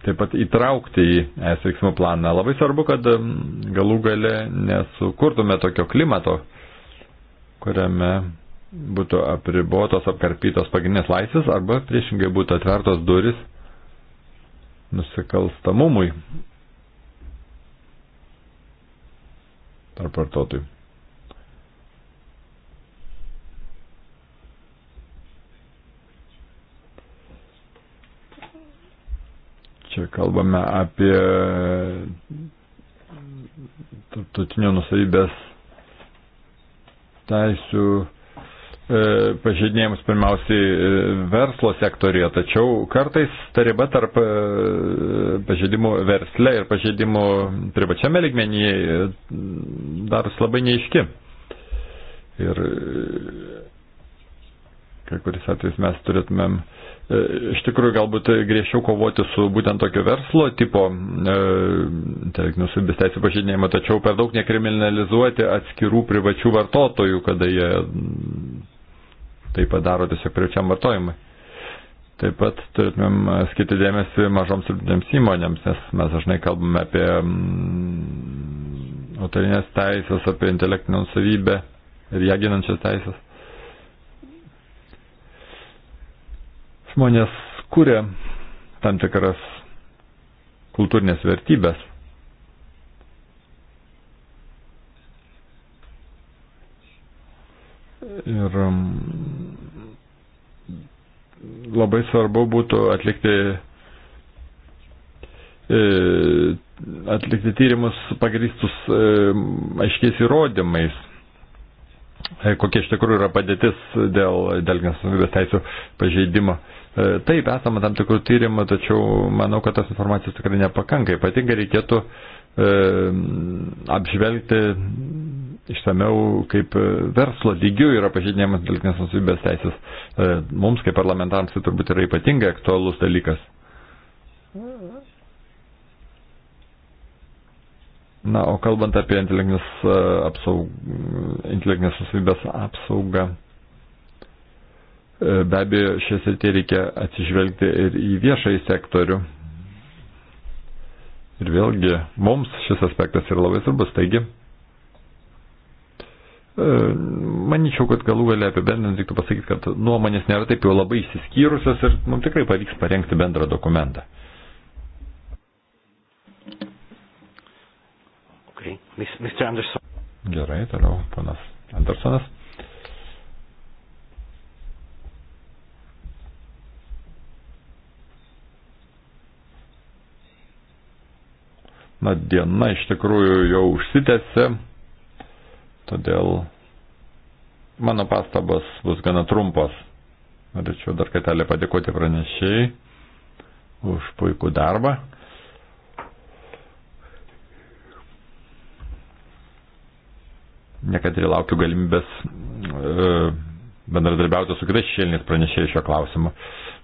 taip pat įtraukti į es veiksmų planą. Labai svarbu, kad galų gale nesukurtume tokio klimato, kuriame būtų apribotos, apkarpytos pagrindinės laisvės arba priešingai būtų atvertos duris nusikalstamumui tarp vartotojų. Čia kalbame apie tarptautinio nusavybės teisų e, pažeidinėjimus pirmiausiai e, verslo sektorija, tačiau kartais ta riba tarp e, pažeidimų versle ir pažeidimų privačiame ligmenyje darosi labai neiški. Ir kai kuris atvejs mes turėtumėm uh, E, iš tikrųjų galbūt griežčiau kovoti su būtent tokio verslo tipo intelektinės e, teisų pažydinėjimo, tačiau per daug nekriminalizuoti atskirų privačių vartotojų, kada jie mm, tai padaro tiesiog privačiam vartojimui. Taip pat turėtumėm skirti dėmesį mažoms ir didėms įmonėms, nes mes dažnai kalbame apie mm, autorinės teisės, apie intelektinę nusavybę ir ją ginančias teisės. žmonės kuria tam tikras kultūrinės vertybės. Ir um, labai svarbu būtų atlikti, e, atlikti tyrimus pagristus e, aiškiais įrodymais e, kokia iš tikrųjų yra padėtis dėl, dėl nesavybės teisų pažeidimo. E, E, taip, esame tam tikrų tyrimų, tačiau manau, kad tas informacijos tikrai nepakanka. Ypatingai reikėtų e, apžvelgti išsameu, kaip e, verslo lygių yra pažydinėjamas dalykinės nusibės teisės. E, mums, kaip parlamentarams, tai turbūt yra ypatingai aktualus dalykas. Na, o kalbant apie intelektinės, e, apsaug, intelektinės nusibės apsaugą. E, be abejo, šias ir tie reikia atsižvelgti ir į viešąjį sektorių. Ir vėlgi, mums šis aspektas yra labai svarbus. Taigi, e, manyčiau, kad galų galia apibendrinant reiktų pasakyti, kad nuomonės nėra taip jau labai įsiskyrusios ir mums tikrai pavyks parengti bendrą dokumentą. Okay. Mr. Anderson. Gerai, toliau, ponas Andersonas. na, diena iš tikrųjų jau užsitęsė, todėl mano pastabas bus gana trumpos. Norėčiau dar kartelį padėkoti pranešiai už puikų darbą. Nekantri laukiu galimybės e, bendradarbiauti su kitais šėliniais pranešėjais šio klausimu.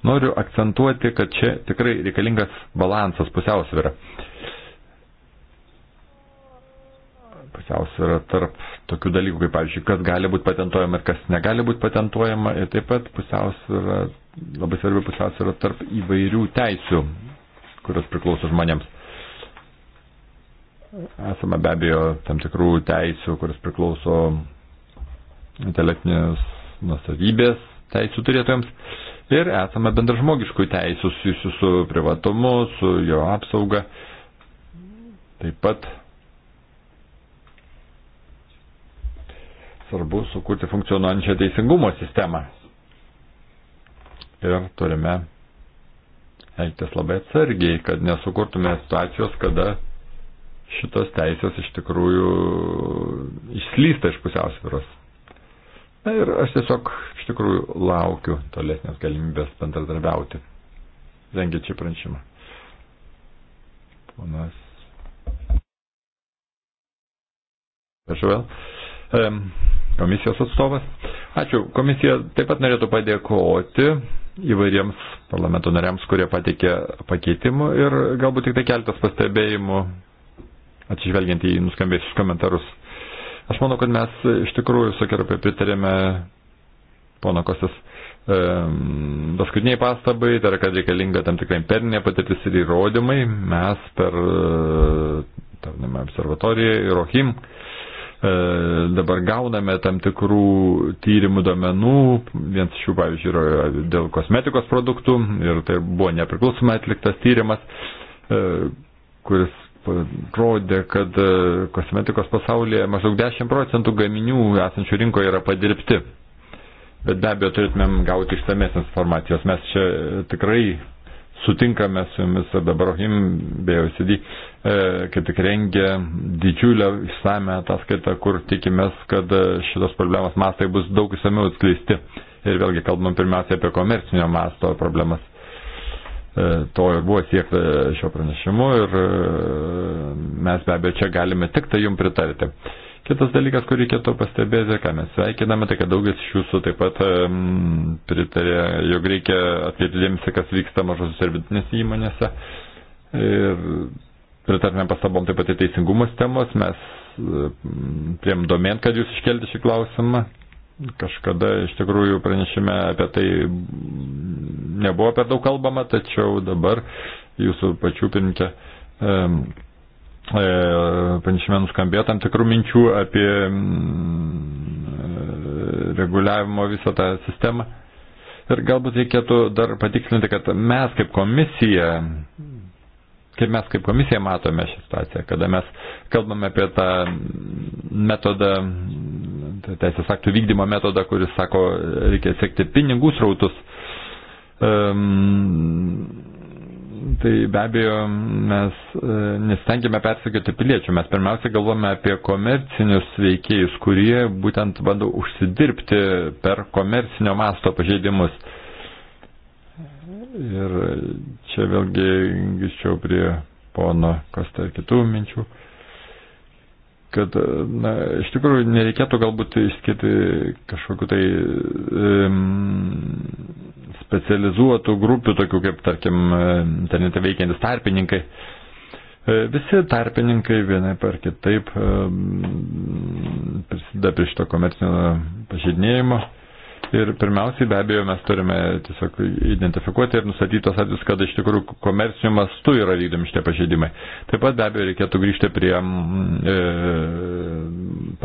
Noriu akcentuoti, kad čia tikrai reikalingas balansas, pusiausvėra. E, pusiausvyrą tarp tokių dalykų, kaip, pavyzdžiui, kas gali būti patentuojama ir kas negali būti patentuojama, ir taip pat pusiausvyrą, labai svarbi pusiausvyrą tarp įvairių teisių, kurios priklauso žmonėms. Esame be abejo tam tikrų teisių, kurios priklauso intelektinės nusavybės teisų turėtojams ir esame bendražmogiškų teisų susijusių su privatumu, su jo apsauga. Taip pat svarbu sukurti funkcionuojančią teisingumo sistemą. Ir turime elgtis labai atsargiai, kad nesukurtume situacijos, kada šitos teisės iš tikrųjų išslysta iš pusiausvyros. Na ir aš tiesiog iš tikrųjų laukiu tolesnės galimybės bendradarbiauti, rengiant šį pranešimą. Ponas. Prašau vėl. Um, komisijos atstovas. Ačiū. Komisija taip pat norėtų padėkoti įvairiems parlamento nariams, kurie pateikė pakeitimų ir galbūt tik tai keltas pastebėjimų atsižvelgiant į nuskambėjusius komentarus. Aš manau, kad mes iš tikrųjų sakerpai pritarėme pono Kostas e, paskutiniai pastabai, tai yra, kad reikalinga tam tikrai imperinė patirtis ir įrodymai. Mes per e, observatoriją ir OHIM e, E, dabar gauname tam tikrų tyrimų domenų, vienas iš jų, pavyzdžiui, yra dėl kosmetikos produktų ir tai buvo nepriklausomai atliktas tyrimas, e, kuris rodė, kad e, kosmetikos pasaulyje maždaug 10 procentų gaminių esančių rinkoje yra padirbti. Bet be abejo turėtumėm gauti išsamesnės informacijos. Mes čia tikrai sutinkame su jumis Abebrahim bei OCD, e, kaip tik rengia didžiulę išsame ataskaitą, kur tikimės, kad šitos problemos mastai bus daug įsamiau atskleisti. Ir vėlgi kalbam pirmiausia apie komercinio masto problemas e, to ir buvo siekta šio pranešimu ir e, mes be abejo čia galime tik tai jum pritarti. Kitas dalykas, kurį reikėtų pastebėti, ką mes sveikiname, tai kad daugelis iš jūsų taip pat um, pritarė, jog reikia atkreipti dėmesį, kas vyksta mažosios ir vidutinėse įmonėse. Ir pritarėme pastabom taip pat į teisingumo temos, mes um, priem domėt, kad jūs iškelti šį klausimą. Kažkada iš tikrųjų pranešime apie tai nebuvo per daug kalbama, tačiau dabar jūsų pačių pirmkė. Um, E, panešime nuskambėjo tam tikrų minčių apie mm, e, reguliavimo visą tą sistemą. Ir galbūt reikėtų dar patikslinti, kad mes kaip komisija, kaip mes kaip komisija matome šią situaciją, kada mes kalbame apie tą metodą, teisės aktų vykdymo metodą, kuris sako, reikia sekti pinigų srautus. Um, Tai be abejo, mes e, nestengiame persekioti piliečių, mes pirmiausia galvome apie komercinius veikėjus, kurie būtent bando užsidirbti per komercinio masto pažeidimus. Ir čia vėlgi grįžčiau prie pono Kosta ir kitų minčių, kad na, iš tikrųjų nereikėtų galbūt išskirti kažkokiu tai um, specializuotų grupių, tokių kaip, tarkim, internete veikiantis tarpininkai. E, visi tarpininkai vienai par kitaip e, prisideda prie šito komercinio pažydinėjimo. Ir pirmiausiai be abejo mes turime tiesiog identifikuoti ir nustatyti tos atvejus, kada iš tikrųjų komerciniu mastu yra vykdomi šitie pažeidimai. Taip pat be abejo reikėtų grįžti prie e,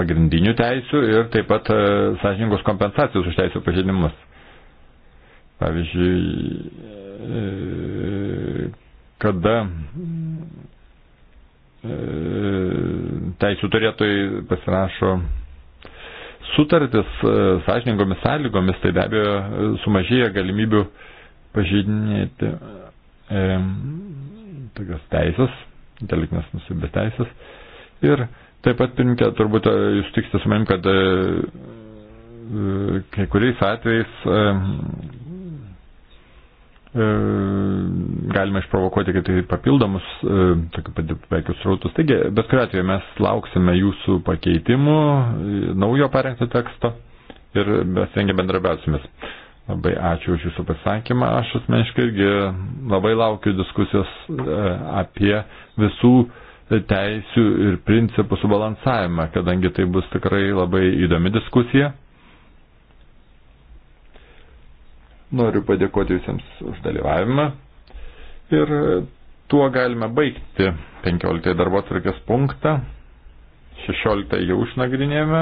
pagrindinių teisių ir taip pat e, sąžiningos kompensacijos už teisų pažeidimus. Pavyzdžiui, e, kada e, teisų turėtojai pasirašo sutartis e, sąžiningomis sąlygomis, tai be abejo sumažėja galimybių pažeidinėti e, tokias teisės, intelektinės nusibės teisės. Ir taip pat, pirmkė, turbūt jūs tiksite su manim, kad e, kai kuriais atvejais e, E, galima išprovokuoti kaip tai papildomus e, tokių patipaikius rautus. Taigi, bet kuriuo atveju mes lauksime jūsų pakeitimų, e, naujo parengto teksto ir mes rengia bendrabiausiamis. Labai ačiū už jūsų pasakymą. Aš asmeniškai irgi labai laukiu diskusijos apie visų teisių ir principų subalansavimą, kadangi tai bus tikrai labai įdomi diskusija. Noriu padėkoti visiems už dalyvavimą. Ir tuo galime baigti 15 darbo atvarkės punktą. 16 jau išnagrinėjome.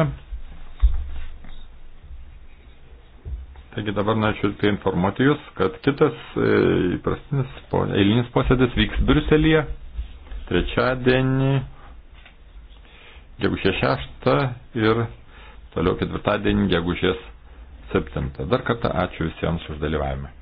Taigi dabar norėčiau tai informuoti Jūs, kad kitas e, įprastinis po, eilinis posėdis vyks Bruselėje trečiadienį, gegužės 6 ir toliau ketvirtadienį gegužės septintą. Dar kartą ačiū visiems už dalyvavimą.